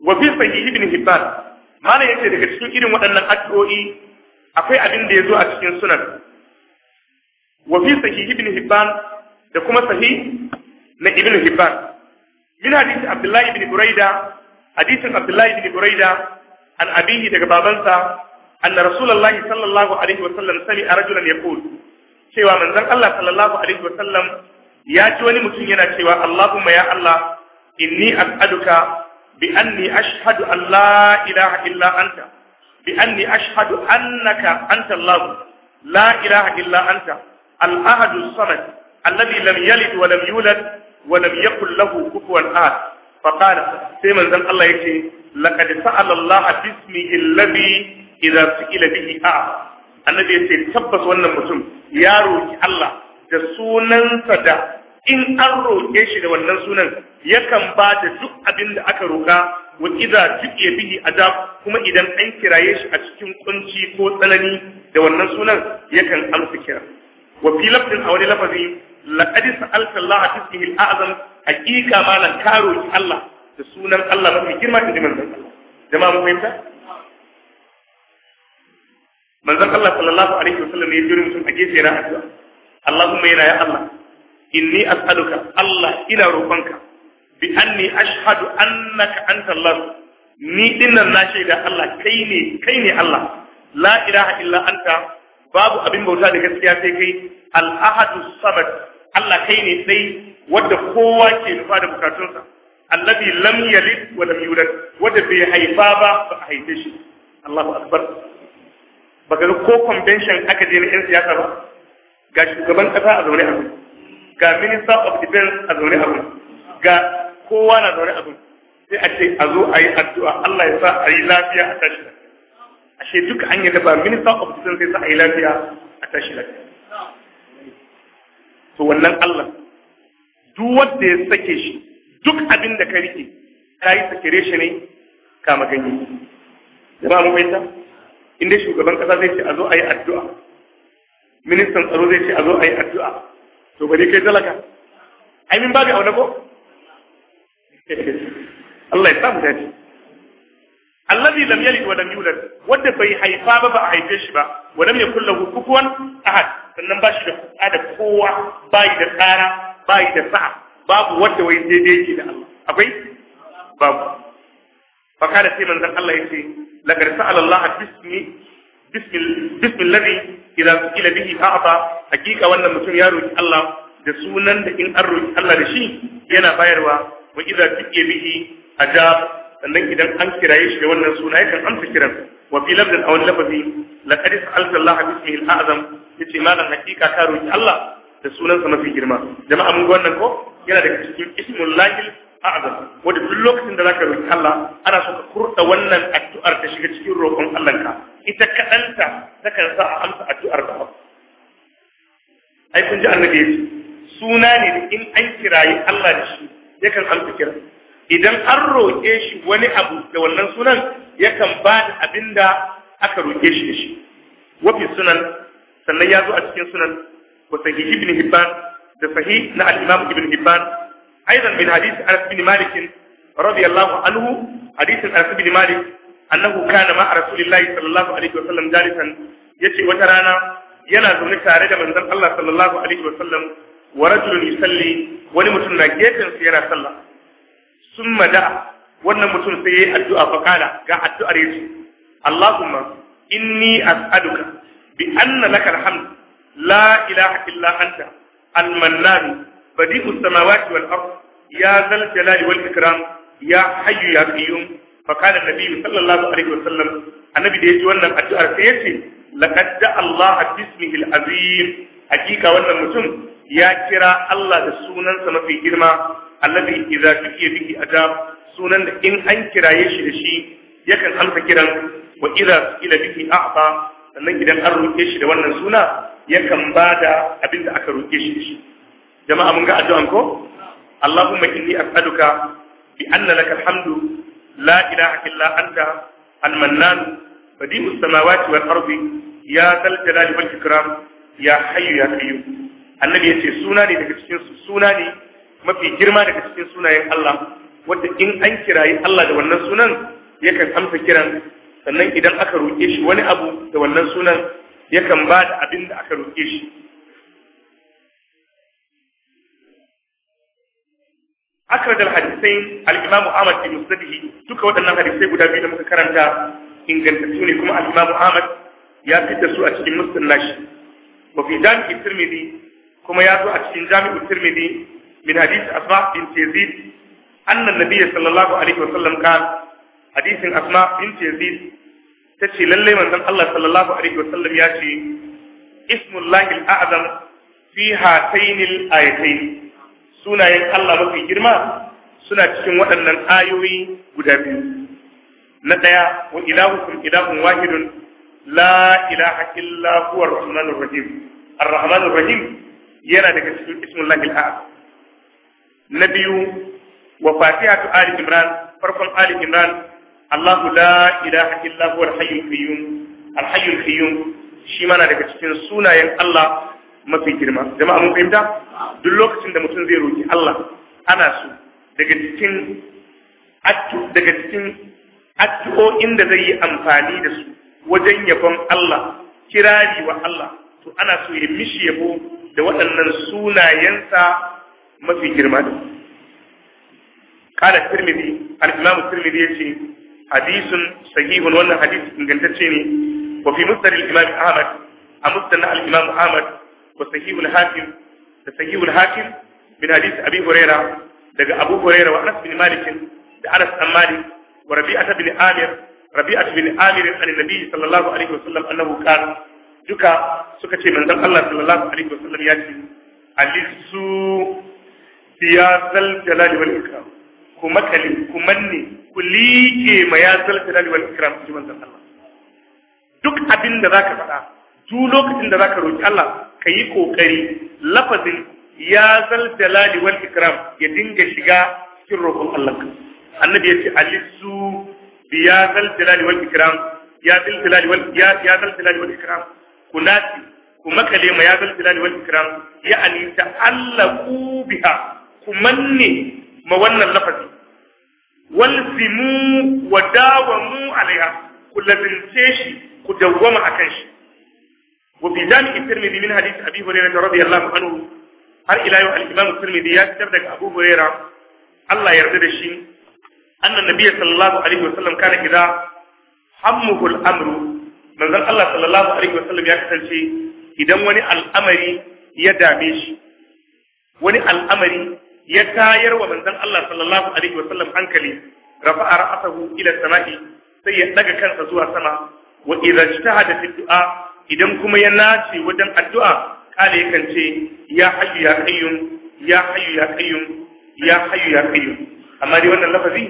wa fi sahih ibn hibban mana yace daga cikin irin waɗannan addu'o'i akwai abin da yazo a cikin sunan wa fi sahih ibn hibban da kuma sahih na ibn hibban min hadisi abdullahi ibn buraida hadisin abdullahi ibn buraida an abihi daga babansa anna rasulullahi sallallahu alaihi wasallam sami a rajulan yaqul cewa manzon Allah sallallahu alaihi wasallam ya ci wani mutum yana cewa Allahumma ya Allah inni as'aluka bi anni ashhadu an la ilaha illa anta bi anni ashhadu annaka anta Allah la ilaha illa anta al-ahad as-samad alladhi lam yalid wa lam yulad wa lam yakul lahu kufuwan ahad fa qala sai manzon Allah yake laqad sa'ala Allah bismi alladhi idza su'ila bihi a'a annabi yace tabbas wannan mutum ya roki Allah da sunansa da in an roƙe shi da wannan sunan yakan ba da duk abin da aka roƙa wa idza tuqiya bihi adab kuma idan an kiraye shi a cikin kunci ko tsanani da wannan sunan yakan amsa kira wa fi a wani lafazi laqad sa'alta Allah tisbihi al-a'zam haqiqa karo ki Allah da sunan Allah mafi girma da manzon jama'a fahimta manzon Allah sallallahu alaihi wasallam ya jira mutum a gefe na addu'a Allahumma yana ya Allah inni as'aluka Allah ina roƙonka bi anni ashhadu annaka anta Allah ni dinnan na shaida Allah kai ne kai ne Allah la ilaha illa anta babu abin bauta da gaskiya sai kai al-ahadu samad Allah kai ne sai wanda kowa ke nufa da bukatunsa allazi lam yalid wa lam yulad wanda bai haifa ba ba a haife shi Allahu akbar baka ko convention aka je na yan siyasa ba ga shugaban kasa a zaune a ga minister of defense a zaune a gun ga kowa na zaune a gun sai a ce a zo a yi addu'a Allah ya sa a yi lafiya a tashi ashe duka an yadda ba minister of defense sai sa a yi lafiya a tashi lafiya to wannan Allah duk wanda ya sake shi duk abin da ka rike ka yi sakere shi ne ka maganye ganye ba mu fahimta inda shugaban kasa zai ce a zo a yi addu'a ministan tsaro zai ce a zo a yi addu'a to bare kai talaka ai min babu auna ko Allah ya samu dace alladhi lam yalid wa lam yulad wanda bai haifa ba ba a haife shi ba wa lam yakul lahu kufuwan ahad sannan ba shi da kuka da kowa bai da tsara bai da sa'a babu wanda wai daidai yake da Allah akwai babu fa kana sai manzon Allah yace laqad sa'ala Allah bismi bismi bismi alladhi idan kila bihi a'ata hakika wannan mutum ya roki Allah da sunan da in an roki Allah da shi yana bayarwa wa idza tuqiya bihi ajab sannan idan an kiraye shi da wannan suna yakan amsa kiran wa fi lafzin aw lafazi laqad sa'alta Allah al yace malan hakika ka roki Allah da sunansa mafi girma jama'a mun ga wannan ko yana daga cikin ismul lahil a'zam wanda duk lokacin da zaka roki Allah ana so ka kurda wannan addu'ar ta shiga cikin roƙon Allah ka ita kaɗanta takan sa a amsa addu'ar da haka ai kun ji annabi ya ce suna ne da in an kirayi Allah da shi yakan amsa kira idan an roƙe shi wani abu da wannan sunan yakan ba da abin da aka roƙe shi da shi wafi sunan sannan ya zo a cikin sunan wa sahih ibn hibban da sahih na al-imam ibn hibban aidan min hadith anas bin malik radiyallahu anhu hadith anas bin malik annahu kana ma rasulillahi sallallahu alaihi wasallam jalisan yace wata rana yana zaune tare da manzon Allah sallallahu alaihi wasallam wa rajulun yusalli wani mutum na gefen sa yana sallah summa da wannan mutum sai yayi addu'a fa ga addu'ar yace Allahumma inni as'aluka bi anna laka alhamd la ilaha illa anta al-mannan badi'us samawati wal ard ya zal jalali wal ikram ya hayyu ya qayyum fa kana nabi sallallahu alaihi wasallam annabi da yaji wannan addu'ar sai yace laqad da Allah bismihi al-azim hakika wannan mutum ya kira Allah da sunansa mafi girma alladhi idza tuqiya bihi adab sunan da in an kiraye shi da shi yakan alfa kiran wa idza ila bihi a'ta sannan idan an roke shi da wannan suna yakan bada abinda aka roke shi da shi jama'a mun ga addu'an ko Allahumma inni as'aluka bi anna laka hamdu. la ilaha illa anta al-mannan badi'u samawati wal ardi ya dal jalali wal ya hayyu ya qayyum annabi yace suna ne daga cikin suna ne mafi girma daga cikin sunayen Allah Wadda in an kirayi Allah da wannan sunan yakan amsa kiran sannan idan aka roƙe shi wani abu da wannan sunan yakan ba da abin da aka roƙe shi akrajal hadisai al-imamu Ahmad bin Musnadih duka waɗannan hadisai guda biyu da muka karanta ingantattu ne kuma al-imamu ya fitar su a cikin musnad nashi wa fi jami'i kuma ya zo a cikin jami'u Tirmidhi min hadisi Asma bin Yazid anna nabiyyi sallallahu alaihi wa sallam kan hadisin Asma bin Yazid tace lalle manzon Allah sallallahu alaihi wa sallam ya ce azam fi hatayn sunayen Allah mafi girma suna cikin waɗannan ayoyi guda biyu na ɗaya wa ilahukum ilahun wahidun la ilaha illa huwa rahmanur rahim ar-rahmanur rahim yana daga cikin ismullahi al na biyu wa fatihatu ali imran farkon ali imran Allahu la ilaha illa huwa al-hayyul qayyum al-hayyul qayyum shi mana daga cikin sunayen Allah mafi girma jama'a mun fahimta duk lokacin da mutum zai roki Allah ana su daga cikin daga cikin addu'o'in da zai yi amfani da su wajen yabon Allah kirari wa Allah to ana so ya mishi yabo da waɗannan sunayensa mafi girma da قال الترمذي الإمام الترمذي يقول حديث صحيح وأن حديث إن كنت وفي Ahmad a أحمد al الإمام Ahmad. wa sahihul hakim da sahihul hakim min hadith abi huraira daga abu huraira wa anas bin da anas bin malik wa rabi'ah bin amir rabi'ah bin amir an sallallahu alaihi wasallam annahu kana duka suka ce manzon Allah sallallahu alaihi wasallam ya ce alisu ya zal jalali wal ikram ku makali ku manne ku liƙe ma ya zal jalali wal ikram ji manzon Allah duk abin da zaka faɗa duk lokacin da zaka roki Allah ka yi ƙoƙari lafazin ya zal jalali wal ikram ya dinga shiga cikin roƙon Allah annabi ya ce alisu bi ya zal jalali wal ikram ya zal jalali wal ya ya zal jalali wal ikram kunati kuma kalima ya zal jalali wal ikram ya ani ta'allaqu biha kumanne ma wannan Wal simu wa dawamu alaiha ku lazince shi ku dawwama akan shi وفي جامع الترمذي من حديث أبي هريرة رضي الله عنه هل إلى الإمام الترمذي يكتب لك أبو هريرة الله يرضي الشيء أن النبي صلى الله عليه وسلم كان إذا همه الأمر من ذن الله صلى الله عليه وسلم يكتب شيء idan wani al'amari ya dame shi wani al'amari ya tayar wa manzon Allah sallallahu alaihi wasallam hankali rafa'a ra'asahu ila sama'i sai ya daga kansa zuwa sama wa idza ijtahada fi du'a idan kuma ya nace wajen addu'a kala yakan ce ya hayyu ya qayyum ya hayyu ya qayyum ya hayyu ya qayyum amma dai wannan lafazi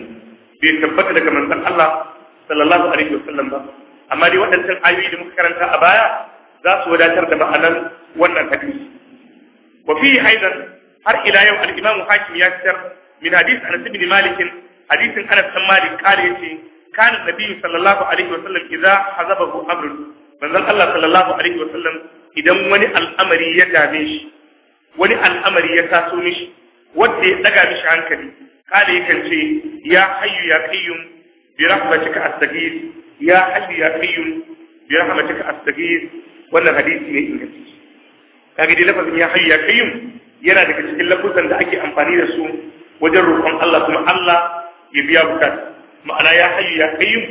bai tabbata daga manzon Allah sallallahu alaihi wasallam ba amma dai waɗancan ayoyi da muka karanta a baya za su wadatar da ma'anar wannan hadisi wa fi aidan har ila yau al-imam hakim ya fitar min hadis anas ibn malik hadisin anas ibn malik kale yace kana nabiyyu sallallahu alaihi wasallam idza hazabahu amrun manzon Allah sallallahu alaihi wa sallam idan wani al'amari ya dame shi wani al'amari ya taso mishi wanda ya daga mishi hankali kada yakan ce ya hayyu ya qayyum bi rahmatika astaghith ya hayyu ya qayyum bi rahmatika astaghith wannan hadisi ne ingantacce kage dai lafazin ya hayyu ya qayyum yana daga cikin lafuzan da ake amfani da su wajen roƙon Allah kuma Allah ya biya bukata ma'ana ya hayyu ya qayyum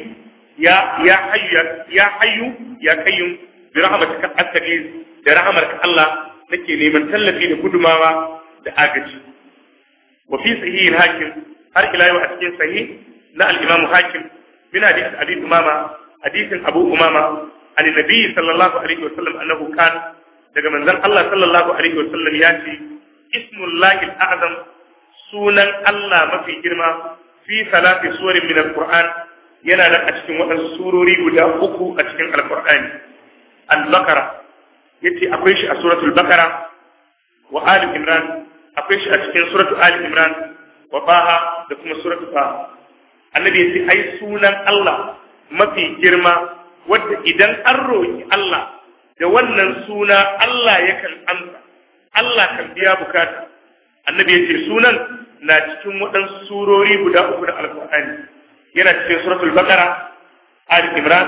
ya ya hayyu ya hayyu ya kayyum bi rahmatika astaghis da rahmarka Allah nake neman tallafi da gudumawa da agaji wa fi sahih hakim har ila yau a cikin sahih na al-imam hakim min hadith abi umama hadithin abu umama an nabi sallallahu alaihi wasallam annahu kan daga manzon Allah sallallahu alaihi wasallam ya ce ismullahi al-azam sunan Allah mafi girma fi salati suwarin min al-qur'an yana nan a cikin waɗansu surori guda uku a cikin alkur'ani al-bakara yace akwai shi a suratul bakara wa ali imran akwai shi a cikin suratul ali imran wa baha da kuma suratul baha annabi yace ai sunan Allah mafi girma wanda idan an roƙi Allah da wannan suna Allah ya kan amsa Allah kan biya bukata annabi yace sunan na cikin waɗansu surori guda uku da alkur'ani yana cikin suratul baqara ali imran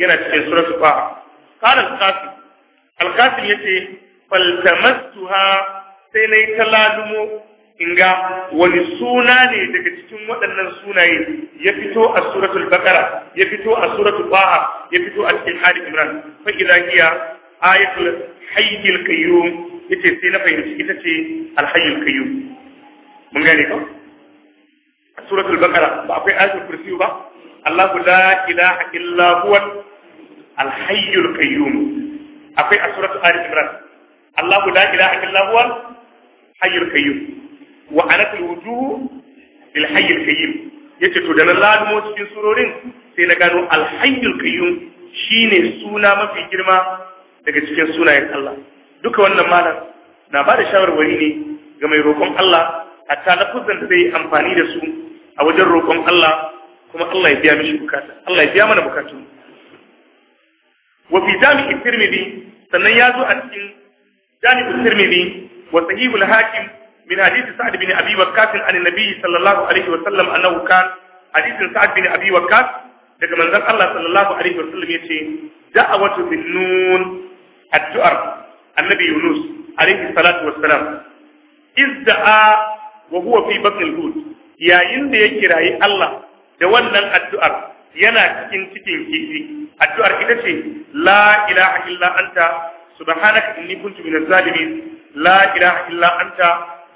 yana cikin suratul fa'a qala al-qasim al-qasim yace faltamastuha sai nayi talalumo inga wani suna ne daga cikin waɗannan sunaye ya fito a suratul baqara ya fito a suratul fa'a ya fito a cikin ali imran fa idza hiya ayatul hayyil qayyum yace sai na fahimci ita ce al qayyum mun gane ka. suratul baqara ba akwai ayatul kursi ba Allahu la ilaha illa huwa al akwai a suratul imran Allahu la ilaha illa huwa hayyul qayyum wa anatul wujuh yace to da na lalumo cikin surorin sai na gano alhayyul hayyul shine suna mafi girma daga cikin sunayen Allah duka wannan malam na ba da shawarwari ne ga mai roƙon Allah hatta lafuzan da zai amfani da su a wajen roƙon Allah kuma Allah ya biya mishi bukata Allah ya biya mana bukatun wa fi jami'i tirmidhi sannan ya zo a cikin jami'i tirmidhi wa sahihul hakim min hadith sa'd bin abi waqqas an annabi sallallahu alaihi wa sallam annahu kan hadith sa'd bin abi waqqas daga manzon Allah sallallahu alaihi wa sallam yace da'awatu bin nun addu'ar annabi yunus alaihi salatu wassalam izda'a wa huwa fi batn al-hud yayin da ya kirayi Allah da wannan addu'ar yana cikin cikin kifi addu'ar ita ce la ilaha illa anta subhanaka inni kuntu minaz zalimin la ilaha illa anta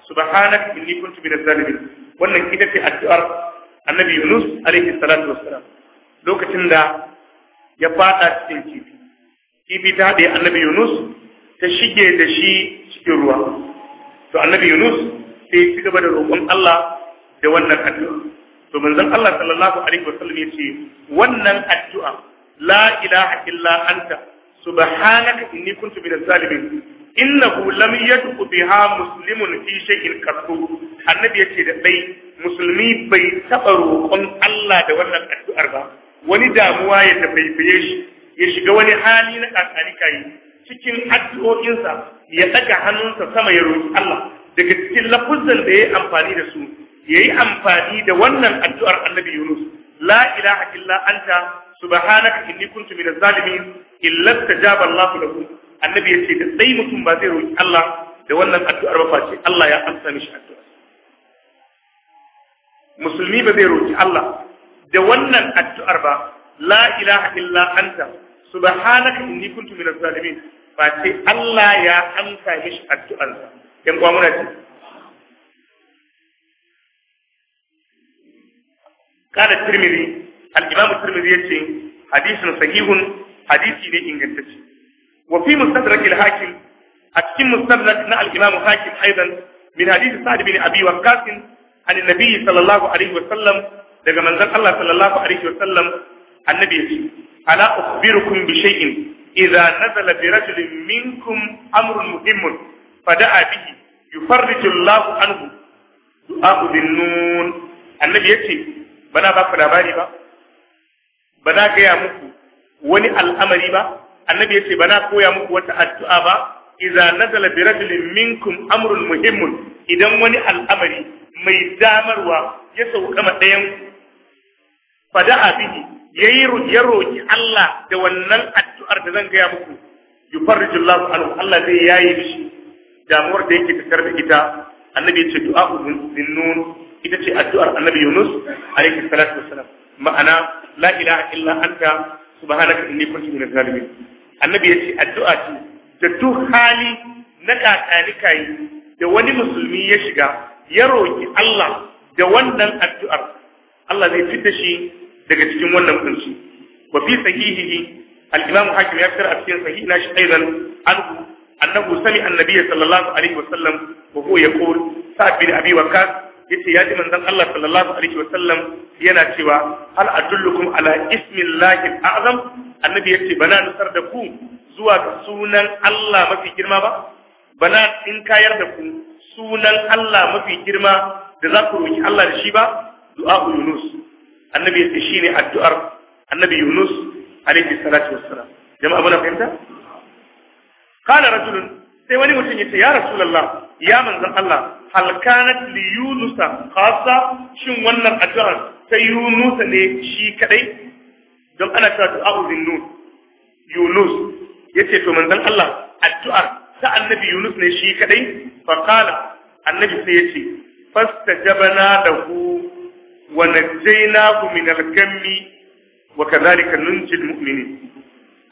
subhanaka inni kuntu minaz zalimin wannan ita ce addu'ar annabi Yunus alaihi salatu wassalam lokacin da ya fada cikin kifi kifi ta haɗe annabi Yunus ta shige da shi cikin ruwa to annabi Yunus sai ya ci gaba da roƙon Allah da wannan addu'a to manzon Allah sallallahu alaihi wasallam yace wannan addu'a la ilaha illa anta subhanaka inni kuntu minaz zalimin innahu lam yadqu biha muslimun fi shay'in kasu annabi yace da dai musulmi bai taba roƙon Allah da wannan addu'ar ba wani damuwa ya tafaifaye shi ya shiga wani hali na kakarika yi cikin addu'o'insa ya daga hannunsa sama ya roƙi Allah daga cikin lafuzan da ya amfani da su yayi amfani da wannan addu'ar annabi Yunus la ilaha illa anta subhanaka inni kuntu minaz zalimin illa tajaba Allahu lahu annabi yace da sai mutum ba zai roki Allah da wannan addu'ar ba face Allah ya amsa mishi addu'ar. musulmi ba zai roki Allah da wannan addu'ar ba la ilaha illa anta subhanaka inni kuntu minaz zalimin face Allah ya amsa mishi addu'ar yan kwa muna قال الترمذي الإمام الترمذي يتي حديث صحيح حديث لي إنجلتش وفي مستدرك الحاكم أتكم مستدرك نع الإمام الحاكم أيضا من حديث سعد بن أبي وقاص عن النبي صلى الله عليه وسلم دقى منزل الله صلى الله عليه وسلم النبي يتي ألا أخبركم بشيء إذا نزل برجل منكم أمر مهم فدعا به يفرج الله عنه دعاء ذي النون النبي يتي Bana na ba ku labari ba ba na gaya muku wani al'amari ba annabi ya ce ba koya muku wata addu'a ba Iza nazala bi rajulin minkum amrun muhimmun idan wani al'amari mai damarwa ya sauka ma ɗayan fada'a bihi yayi ya roki Allah da wannan addu'ar da zan gaya muku yufarrijullahu anhu Allah zai yayi shi damuwar da yake tattare da ita annabi ya ce du'a zinnun ita ce addu'ar annabi Yunus alaihi salatu wassalam ma'ana la ilaha illa anta subhanaka inni kuntu minaz zalimin annabi ya ce addu'a ce da duk hali na kakanikai da wani musulmi ya shiga ya roki Allah da wannan addu'ar Allah zai fitar shi daga cikin wannan kunci wa fi sahihihi al-imam hakim ya fitar a cikin sahih na shi aidan annahu annahu sami annabi sallallahu alaihi wasallam wa huwa yaqul sa'd bin abi waqas yace ya ji manzon Allah sallallahu alaihi wa sallam yana cewa hal adullukum ala ismillahi azam annabi yace bana nusar da ku zuwa ga sunan Allah mafi girma ba bana in kayar da ku sunan Allah mafi girma da za ku roki Allah da shi ba du'a Yunus annabi yace shine addu'ar annabi Yunus alaihi salatu wassalam jama'a muna fahimta qala rajulun sai wani mutum yace ya rasulullah ya manzon Allah halkanat li yunusa khassa shin wannan addu'ar ta yunusa ne shi kadai don ana cewa du'a'u nun? yunus yace to manzon Allah addu'ar ta annabi yunus ne shi kadai fa qala annabi sai yace fastajabna lahu wa najaynahu min al-gammi wa kadhalika nunji al-mu'minin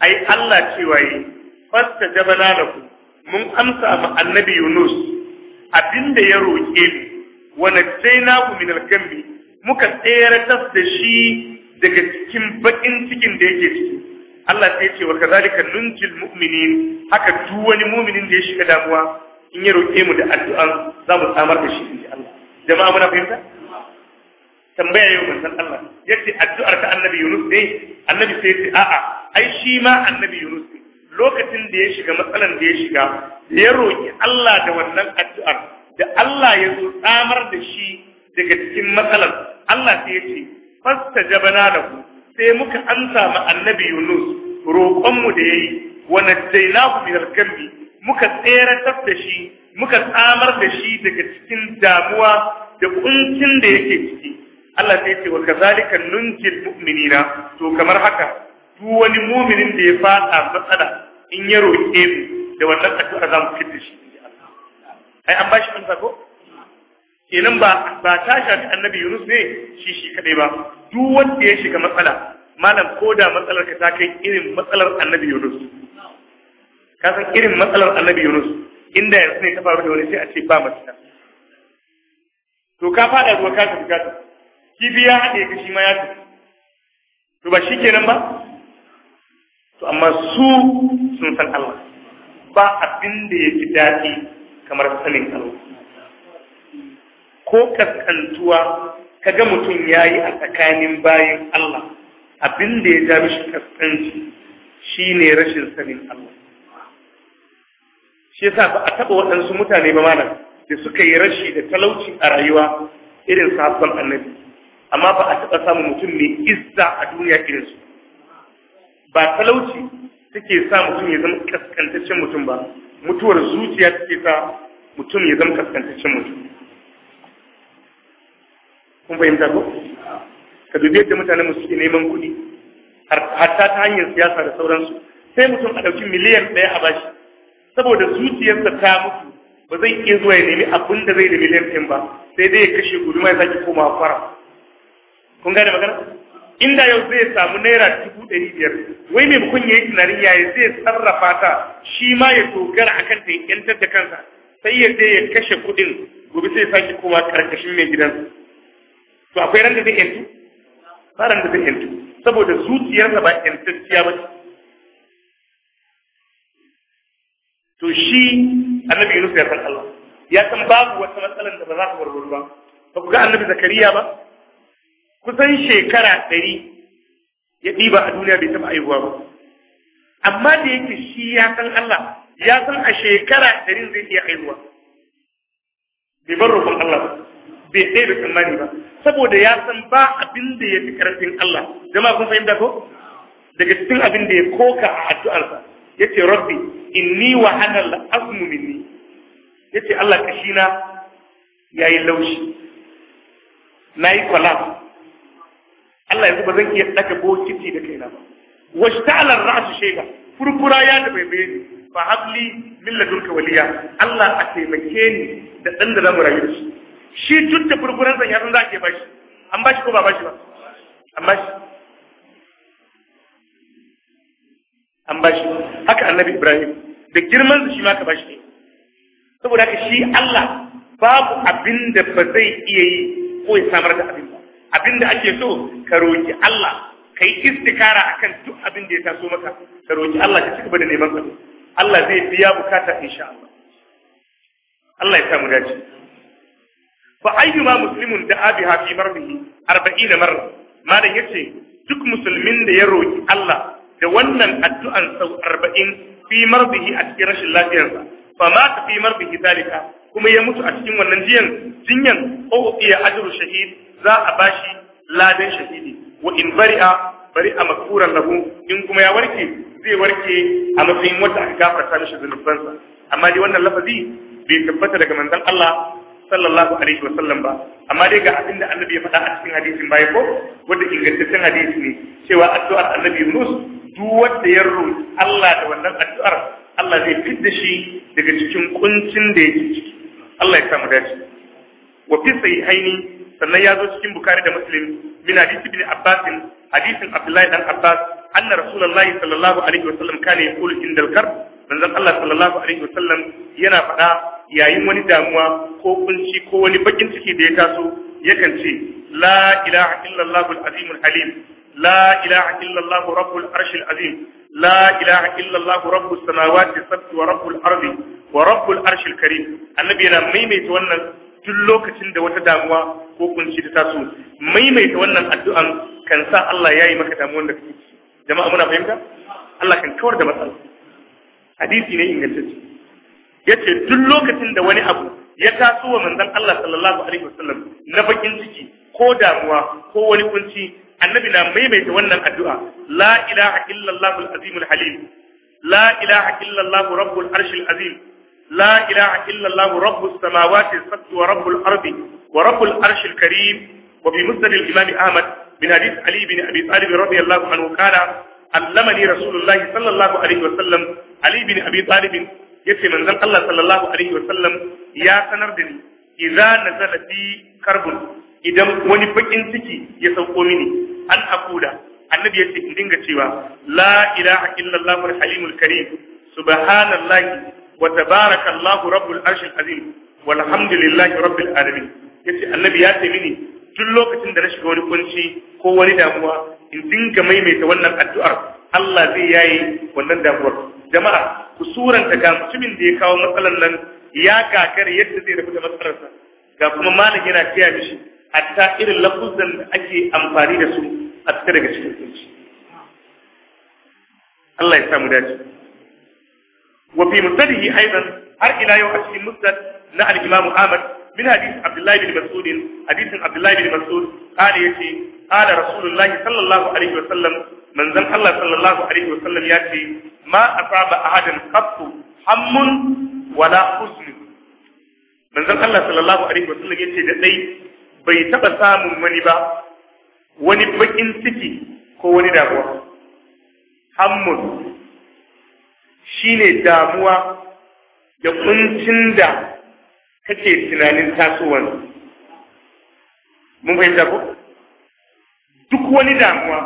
ai Allah cewa yi fastajabna lahu mun amsa ma annabi yunus abinda ya roke mu wa najjaynahu min al-gammi muka tseratar da shi daga cikin bakin cikin da yake ciki Allah sai ce wa kazalika nunjil mu'minin haka duk wani mu'minin da ya shiga damuwa in ya roƙe mu da addu'an za mu samar da shi inji Allah jama'a muna fahimta tambaya yau san Allah yace addu'ar ka annabi Yunus ne annabi sai ya ce a'a ai shi ma annabi Yunus ne lokacin da ya shiga matsalan da ya shiga ya roƙi Allah da wannan addu'ar da Allah ya zo tsamar da shi daga cikin matsalar Allah sai ya ce fasta jabana da ku sai muka amsa ma annabi Yunus roƙonmu da ya yi wa najjainahu min al muka tseratar da shi muka tsamar da shi daga cikin damuwa da kuncin da yake ciki Allah sai ya ce wa kazalika nunjil mu'minina to kamar haka duk wani muminin da ya fada matsala in ya roƙe mu da wannan addu'a za mu fitar shi ai an bashi an sako? kenan ba ba ta shafi annabi Yunus ne shi shi kadai ba duk wanda ya shiga matsala malam ko da matsalar ka ta kai irin matsalar annabi Yunus ka san irin matsalar annabi Yunus inda yanzu ne ka faru da wani sai a ce ba matsala. to ka faɗa ruwa ka tafi ka kifi ya haɗe ka shi ma ya tafi to ba shi kenan ba to amma su sun san Allah ba abin da ya fi daɗi kamar sanin Allah ko kaskantuwa ka ga mutum ya yi a tsakanin bayan Allah abin da ya jami shi kaskanci shi ne rashin sanin Allah shi yasa ba a taɓa waɗansu mutane ba malam da suka yi rashi da talauci a rayuwa irin sahabban annabi amma ba a taɓa samun mutum mai izza a duniya irinsu ba talauci take sa mutum ya zama kaskantaccen mutum ba mutuwar zuciya take sa mutum ya zama kaskantaccen mutum kun fahimta ko ka dubi yadda mutane mu suke neman kuɗi hatta ta hanyar siyasa da sauransu sai mutum a ɗauki miliyan ɗaya a bashi saboda zuciyarsa ta mutu ba zai iya zuwa ya nemi abin da zai da miliyan ɗin ba sai dai ya kashe guduma ya sake komawa fara kun gane magana inda yau zai samu naira dubu ɗari biyar wai mai ya yi tunanin yaya zai sarrafa ta shi ma ya dogara kan ta ya da kansa sai ya je ya kashe kuɗin gobe sai ya sake kuma karkashin mai gidansa to akwai ran da zai yantu ba ran da zai yantu saboda zuciyarsa ba yantacciya ba to shi annabi Yunus ya san Allah ya san babu wata matsalar da ba za ta warware ba ba ku ga annabi Zakariya ba kusan shekara ɗari ya ɗiba a duniya bai taɓa aihuwa ba amma da yake shi ya san Allah ya san a shekara ɗari zai iya aihuwa bai bar rufin Allah ba bai ɗaya da tsammani ba saboda ya san ba abin da ya fi ƙarfin Allah jama'a kun fahimta ko daga cikin abin da ya koka a addu'arsa ya ce rabbi inni wa hanal ni, minni ce Allah kashina yayi laushi Na yi collapse Allah yanzu ba zan iya daga bokiti da kaina ba washta'ala ra'su shay'a furfura ya da baibaye ni fa habli min ladunka waliya Allah a taimake ni da dan da zamu rayu shi shi tun furfuran san ya san za ke bashi an bashi ko ba bashi ba an bashi an bashi haka annabi Ibrahim da girman shi ma ka bashi ne saboda haka shi Allah babu abin da ba zai iya yi ko ya samar da abin ba abinda ake so ka roki Allah ka kai istikara kan duk abin da ya taso maka ka roki Allah ka cigaba da neman sa Allah zai biya bukata insha Allah Allah ya samu dace fa ayyuma muslimun da abiha fi marbihi 40 marra malam yace duk musulmin da ya roki Allah da wannan addu'an sau 40 fi marbihi a cikin rashin lafiyarsa fa ma ta fi marbihi zalika kuma ya mutu a cikin wannan jiyan jinyan ko iya ajru shahid za a bashi ladan shahidi wa in bari'a bari'a makuran lahu in kuma ya warke zai warke a matsayin wanda aka gafarta mishi zunubansa amma dai wannan lafazi bai tabbata daga manzon Allah sallallahu alaihi wa sallam ba amma dai ga abinda annabi ya faɗa a cikin hadisin baya ko wanda ingantaccen hadisi ne cewa addu'ar annabi Yunus duk wanda ya roƙi Allah da wannan addu'ar Allah zai fidda shi daga cikin kuncin da yake ciki Allah ya samu dace wa fi sahihaini sannan ya zo cikin Bukhari da Muslim min hadith ibn Abbas hadisin Abdullahi dan Abbas anna Rasulullahi sallallahu alaihi sallam kana yaqulu indal karb manzon Allah sallallahu alaihi sallam yana faɗa yayin wani damuwa ko kunci ko wani bakin ciki da ya taso yakan ce la ilaha illallah al-azim al-halim لا إله إلا الله رب العرش العظيم لا إله إلا الله رب السماوات السبت ورب الأرض ورب العرش الكريم النبي ميميت wannan duk lokacin da wata damuwa ko kunci ta taso maimaita wannan addu'an kan sa Allah yayi maka damuwar da kake jama'a muna fahimta Allah kan kawar da matsala hadisi ne yace duk lokacin da wani abu ya taso wa manzon Allah sallallahu alaihi wasallam na bakin ciki ko damuwa ko wani kunci annabi na maimaita wannan addu'a la ilaha illallah al-azim al-halim la ilaha illallah rabbul arsh al-azim la ilaha illallah rabbus samawati as-sabt wa rabbul ardi wa rabbul arsh al-karim wa bi musnad al-imam ahmad min hadith ali bin abi talib radiyallahu anhu kana allamani rasulullahi sallallahu alaihi wa sallam ali bin abi talib yace manzon Allah sallallahu alaihi wa sallam ya sanar da ni idza nazala bi karbun idan wani bakin ciki ya sauko mini an akuda annabi ce in dinga cewa la ilaha illallah al-halimul karim subhanallahi wa tabarakallahu rabbul arshil azim walhamdulillahi rabbil alamin yace annabi ya ce mini tun lokacin da na shiga wani kunci ko wani damuwa in dinga maimaita wannan addu'ar Allah zai yayi wannan damuwar jama'a ku suranta ga mutumin da ya kawo matsalar nan ya kakar yadda zai rubuta matsalarsa ga kuma malam yana kiyaye mishi hatta irin lafuzan da ake amfani da su a fita daga cikin kunci Allah ya samu dace wa fi musnadihi aidan har ila yau a cikin musnad na al Muhammad Ahmad min hadith Abdullahi bin Masudin, hadithin Abdullahi bin Mas'ud kana yace kana Rasulullahi sallallahu alaihi wa sallam manzon Allah sallallahu alaihi wa sallam ya ce, ma a saba a hadin qattu hammun wala huzn manzon Allah sallallahu alaihi wa sallam ya ce da dai bai taɓa samun wani ba wani baƙin ciki ko wani damuwa hammun shi ne damuwa da kuncin da kake tunanin tasowar mun fahimta ko duk wani damuwa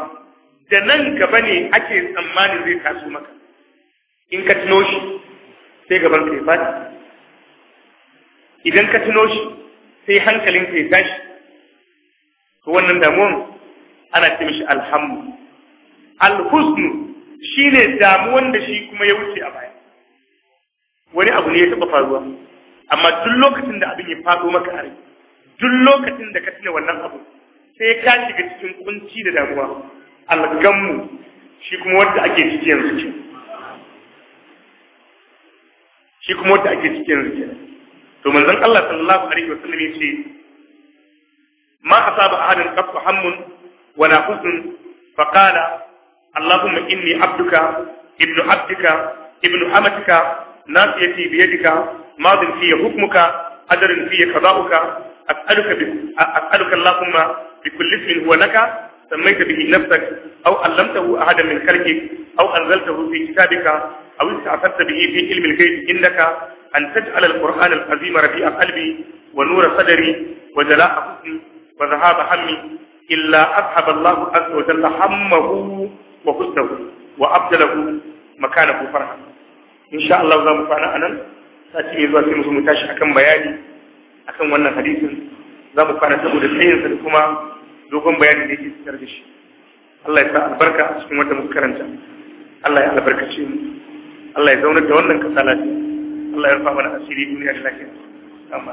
da nan gaba ne ake tsammanin zai taso maka in ka tuno shi sai gaban ka ya fata. idan ka tuno shi sai hankalin ka ya tashi to wannan damuwan ana ce mishi alhamdu alhusnu shine damuwan da shi kuma ya wuce a baya wani abu ne ya taba faruwa amma duk lokacin da abin ya faɗo maka a rai duk lokacin da ka tuna wannan abu sai ka shiga cikin kunci da damuwa algammu shi kuma wanda ake ciki yanzu ce shi kuma wanda ake ciki yanzu ce to manzon Allah sallallahu alaihi wasallam ya ce ما أصاب أحد قط هم ولا حزن فقال اللهم إني عبدك ابن عبدك ابن حمتك ناصيتي بيدك ماض في حكمك أجر في قضاؤك أسألك, ب... أسألك اللهم بكل اسم هو لك سميت به نفسك أو علمته أحدا من خلقك أو أنزلته في كتابك أو استعفدت به في علم الغيب إنك أن تجعل القرآن العظيم رفيع قلبي ونور صدري وجلاء حسني wa zahaba hammi illa ashaba Allah azza wa jalla hammahu wa hustahu wa abdalahu makanahu farha insha Allah za mu fara anan sati ne zuwa sai mu mu tashi akan bayani akan wannan hadisin za mu fara saboda tsayinsa da kuma dogon bayani da yake da shi Allah ya sa albarka a cikin wanda karanta Allah ya albarkace mu Allah ya zauna da wannan kasala. Allah ya rufa mana asiri duniya da lafiya amma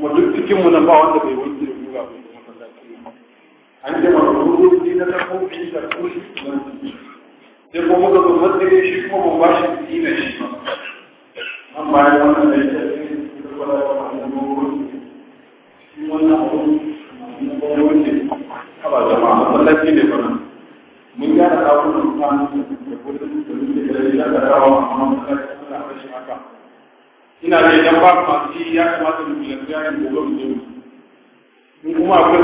kuma duk cikin mu nan ba wanda bai wanke da guga ba da masallaci an je mana na ta kofi da kofi nan sai kuma muka zo matsayin shi kuma ba bashi dina shi an bayan wannan da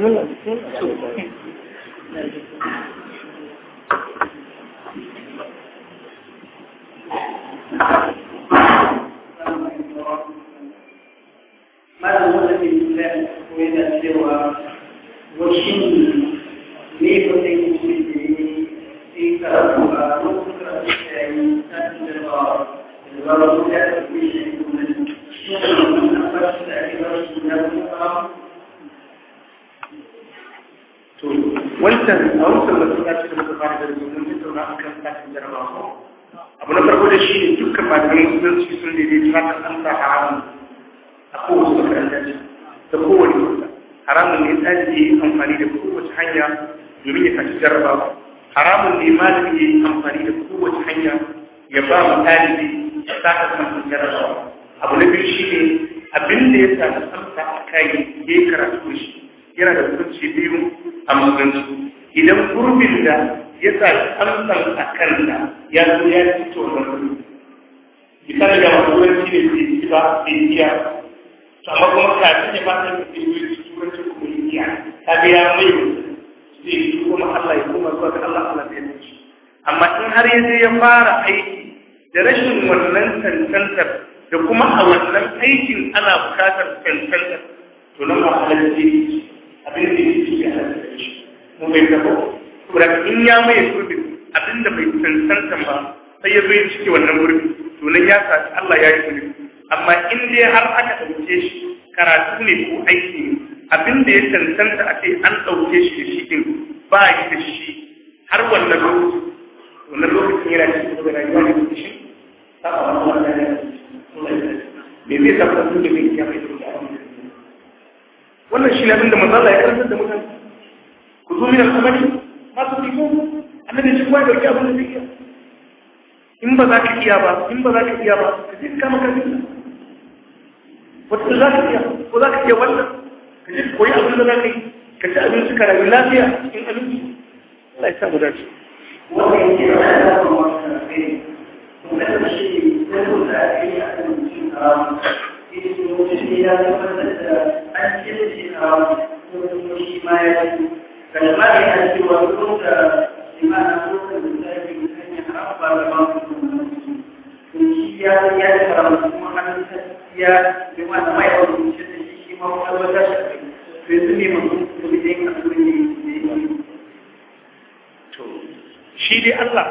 그런 거지. wancan a wancan masallaci da muka fara da rubutun tattauna a kan sakin jarabawa abu na farko da shi ne dukkan malamai musulunci sun daidaita ta amsa haramun a kowace makaranta ce da kowane kusa haramun ne ɗalibi ya amfani da kowace hanya domin ya tashi jarabawa haramun ne malami ya yi amfani da kowace hanya ya ba mu ɗalibi ya sa ka samun jarabawa abu na biyu shi ne abin da ya sa ka samta a kai ya yi karatu da shi yana da hukunci biyu a maganin su. idan gurbin da ya sa tsantsan a kanta ya zo ya ci tsoron misali da yawon wurin shi ne ke ci ba a iya to amma kuma ka ya ba ta mutum yi ci turanci kuma iya ta biya mai zai yi kuma Allah ya kuma zuwa ga Allah Allah zai ci amma in har ya je ya fara aiki da rashin wannan tantantar da kuma a wannan aikin ana bukatar tantantar to nan ba halarci abin da mun bai ba. saboda in ya mai gurbin abinda bai cancanta ba sai ya zo ya cike wannan gurbin to nan ya sa Allah ya yi gurbin amma in dai har aka ɗauke shi karatu ne ko aiki ne abinda ya cancanta a kai an ɗauke shi da shi ɗin ba yi da shi har wannan lokaci wannan lokacin yana cikin da rayuwa ne da shi ta a wannan wannan ne me zai tabbatar da mai kyamai da wannan shi ne abinda manzo Allah ya karanta da mutane kulu da kamari masu riko annabi shi kuma ya dauki abin da zai iya in ba za ka iya ba in ba za ka iya ba ka ka wata iya ko za ka iya wannan za ka yi abinci lafiya abinci da da ma kalimar yana cewa duk da imanin sosan da zafi da hanyar haɓa da mafi sun shi ya ya karanta kuma ya bi wanda mai aurin shi da shi shi ma to shi dai Allah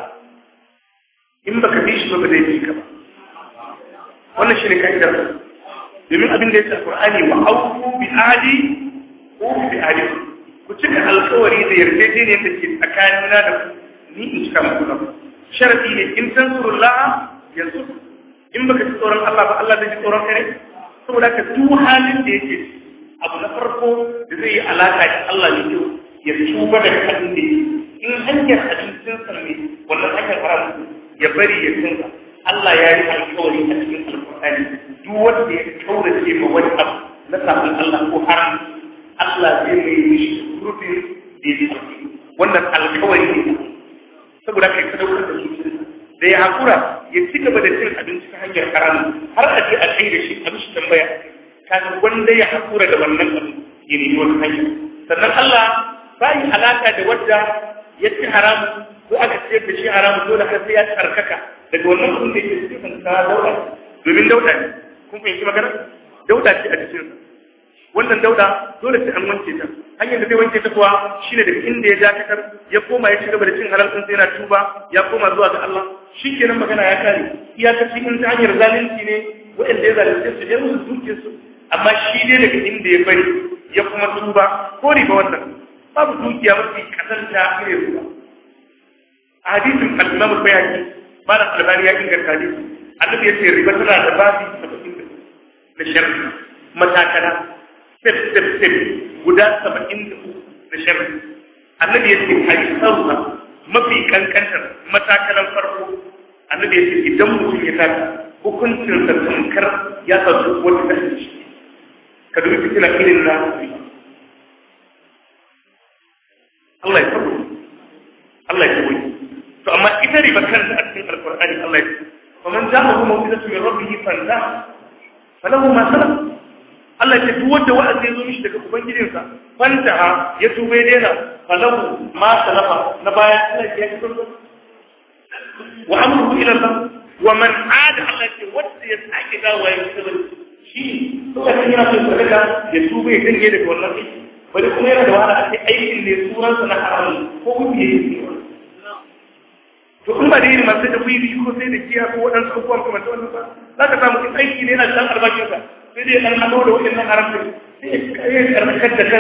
in baka bi shi ba zai bi ka ba wannan shi ne ka'idar domin abin da ya ce a Qur'ani wa auku bi adi ko bi adi ku cika alkawari da yarjejeniya da ke tsakanina da ni in cika muku nan ne in tansurullah yanzu in baka ci tsoron Allah ba Allah zai ji tsoron kai saboda ka duk halin da yake abu na farko da zai yi alaka da Allah ne kyau ya tuba da kan da in hanyar abincin sa ne wannan hanyar haram ya bari ya tunka Allah ya yi alkawari a cikin alkur'ani duk wanda ya kaurace ma wani abu na sabon Allah ko haram Allah zai mai mishi rufin daidai wannan alkawari ne saboda kai ka daukar da shi da ya hakura ya ci gaba da cin abinci ta hanyar haramun har a je a kai da shi a mishi tambaya kafin wanda ya hakura da wannan abu ya nemi wata hanya sannan Allah ba yi alaka da wadda ya ci haramu ko aka ciyar da shi haramu dole har sai ya tsarkaka daga wannan abin da yake cikin sa dauda domin dauda ne kun fahimci magana dauda ce a cikin wannan dauda dole sai an wanke ta hanyar da zai wanke ta kuwa shine daga inda ya ja ya koma ya ci gaba da cin halal sai yana tuba ya koma zuwa ga Allah shikenan magana ya kare iyakaci in ta hanyar zalunci ne wanda ya zalunce su ya musu duke su amma shi ne daga inda ya bari ya kuma tuba ko riba wannan babu dukiya mafi kasanta irin ruwa a hadisin al-Imam al-Bayhaqi malam al bani ya inganta hadisi annabi ya ce riba tana da babu da sharri matakala step step step guda saba'in da na sharri annabi ya ce haisarwa mafi kankantar matakalan farko annabi ya ce idan mutum ya tafi hukuncin sa tamkar ya sauke wata ta shi. ka dubi fitila irin na Allah ya sabo Allah ya sabo to amma ita riba kanta a cikin alkur'ani Allah ya sabo ومن جاءه موعظة rabbi yi فانتهى فله ما سلف Allah ya duk wanda wa'azi ya zo mishi daga ubangijinsa fantaha ya tuba ya daina falahu ma salafa na bayan Allah ya kitar wa amruhu ila Allah wa man ada Allah ya wanda ya sake dawo ya kitar shi to kan yana so ya daga ya tuba ya dinge daga wannan bari kuma yana da wahala a ce aikin ne suran sa na haramun ko kuma ya yi to in ba da yin masu da wiwi ko sai da kiya ko waɗansu abubuwan kamar ta wannan ba za ka samu aiki ne na dan albashinsa sai dai dan da wannan harafin sai ya da da da da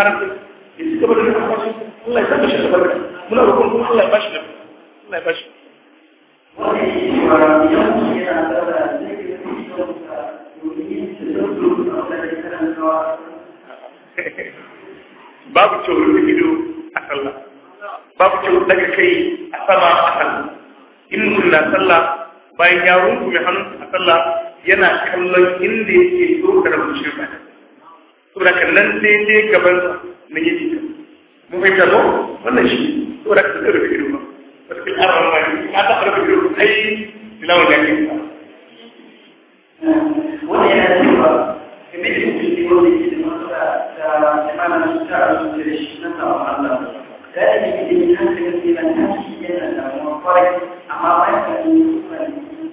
da babu ido a sallah babu cewar daga kai a sama a sallah in mulla sallah bayan ya rungume hannunsa a sallah yana kallon inda yake dokar mushir ba saboda kallon sai dai gaban na yi jita mun ta wannan shi saboda ka ba ba ne ka ta arwa ai da ke ba wannan yana cewa da ke da masu da imanin ta rasu da shi na samun Allah da ya yi da hankalin sai na tashi yana kwarai amma ba ya yi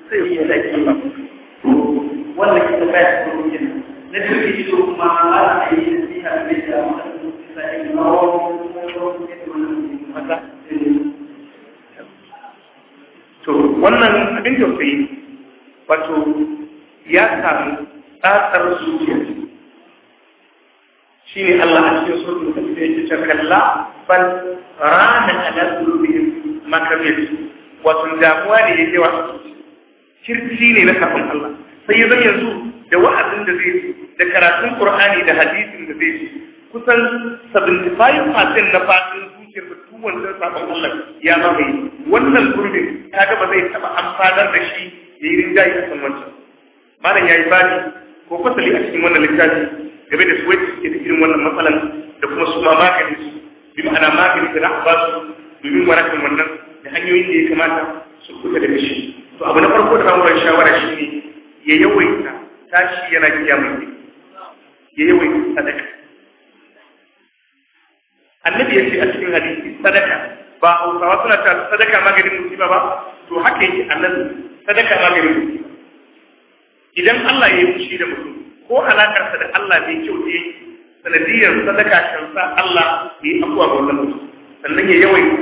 sai ya wanda ke tafiya su kuma kenan na cikin ido kuma ana a yi nasiha da mai da mutane su sa yi na wani mata to wannan abin da kai wato ya samu tsatsar zuciya shi ne Allah a cikin sunan da ya ce takalla bal rana ala qulubihim makamil wato damuwa ne yake wa kirci ne na kafin Allah sai ya zama yanzu da wa'azin da zai da karatun Qur'ani da hadisin da zai kusan 75% na fatin zuciyar mutum wanda sabon Allah ya mamaye wannan gurbin ya gama zai taba amfanar da shi da yi jayi yi kan wancan malam yi bani ko fasali a cikin wannan littafi game da su suke da irin wannan matsalan da kuma su ma magani su bi ma'ana magani da za su domin warakan wannan da hanyoyin da ya kamata su kuta da shi to abu na farko da zamuran shawara shi ne ya yawaita tashi yana kiya mai ya yawaita sadaka annabi ya ce a cikin hadisi sadaka ba hausawa suna ta sadaka maganin musiba ba to haka yake annabi sadaka maganin musiba idan Allah ya yi fushi da mutum ko alakarsa da Allah bai kyau da yake sanadiyar sadaka kan sa Allah ya yi abuwa ga wannan mutum sannan ya yawaita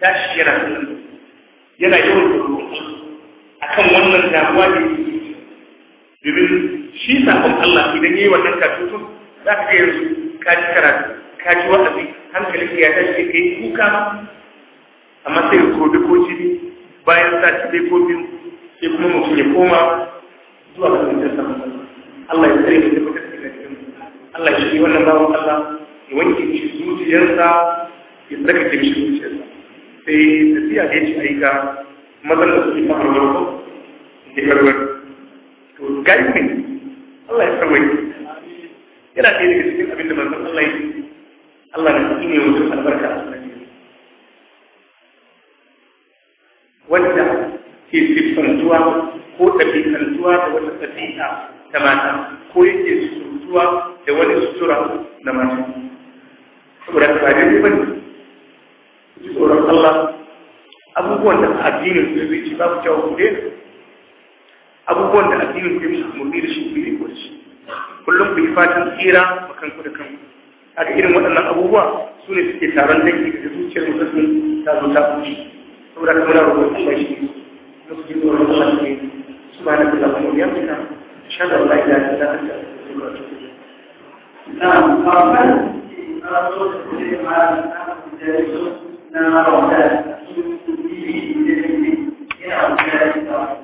tashi yana yana yawaita kan wannan damuwa da yake domin shi sakon Allah idan yayi wannan katutun za ka ga yanzu ka ci karatu ka ji wa'azi hankalin ka ya tashi kai kuka amma sai ka kodi ko jini bayan sati dai ko biyu sai kuma mutum ya koma zuwa ga mutum sa Allah ya tsare shi daga cikin Allah ya shi wannan bawon Allah ya wanke shi zuciyarsa ya tsaka shi zuciyarsa sai tafiya da ya ci aika mazan da suke fara yau ya karwar to gani Allah ya karwar yana ɗaya daga cikin abin da manzon Allah ya Allah na cikin ne mutum albarka a sunan wanda ke tuwa ko ɗabi'antuwa da wata ɗabi'a ta mata ko yake sutuwa da wani sutura na mata saboda ba dai ba ne tsoron Allah abubuwan da addinin su zai ci babu kyau ku abubuwan da addinin ku yi umarni da su ku yi ko shi kullum ku yi fatan tsira a kanku da kanku haka irin waɗannan abubuwa su ne suke taron dangi da zuciyar mutum ta zo ta kuci saboda kuma muna roƙon Allah shi lokacin da wani Allah ne subhanahu wa ta'ala ya fita shada Allah ya ta da ta na kafin na so da ma na da na rawata su yi da ina da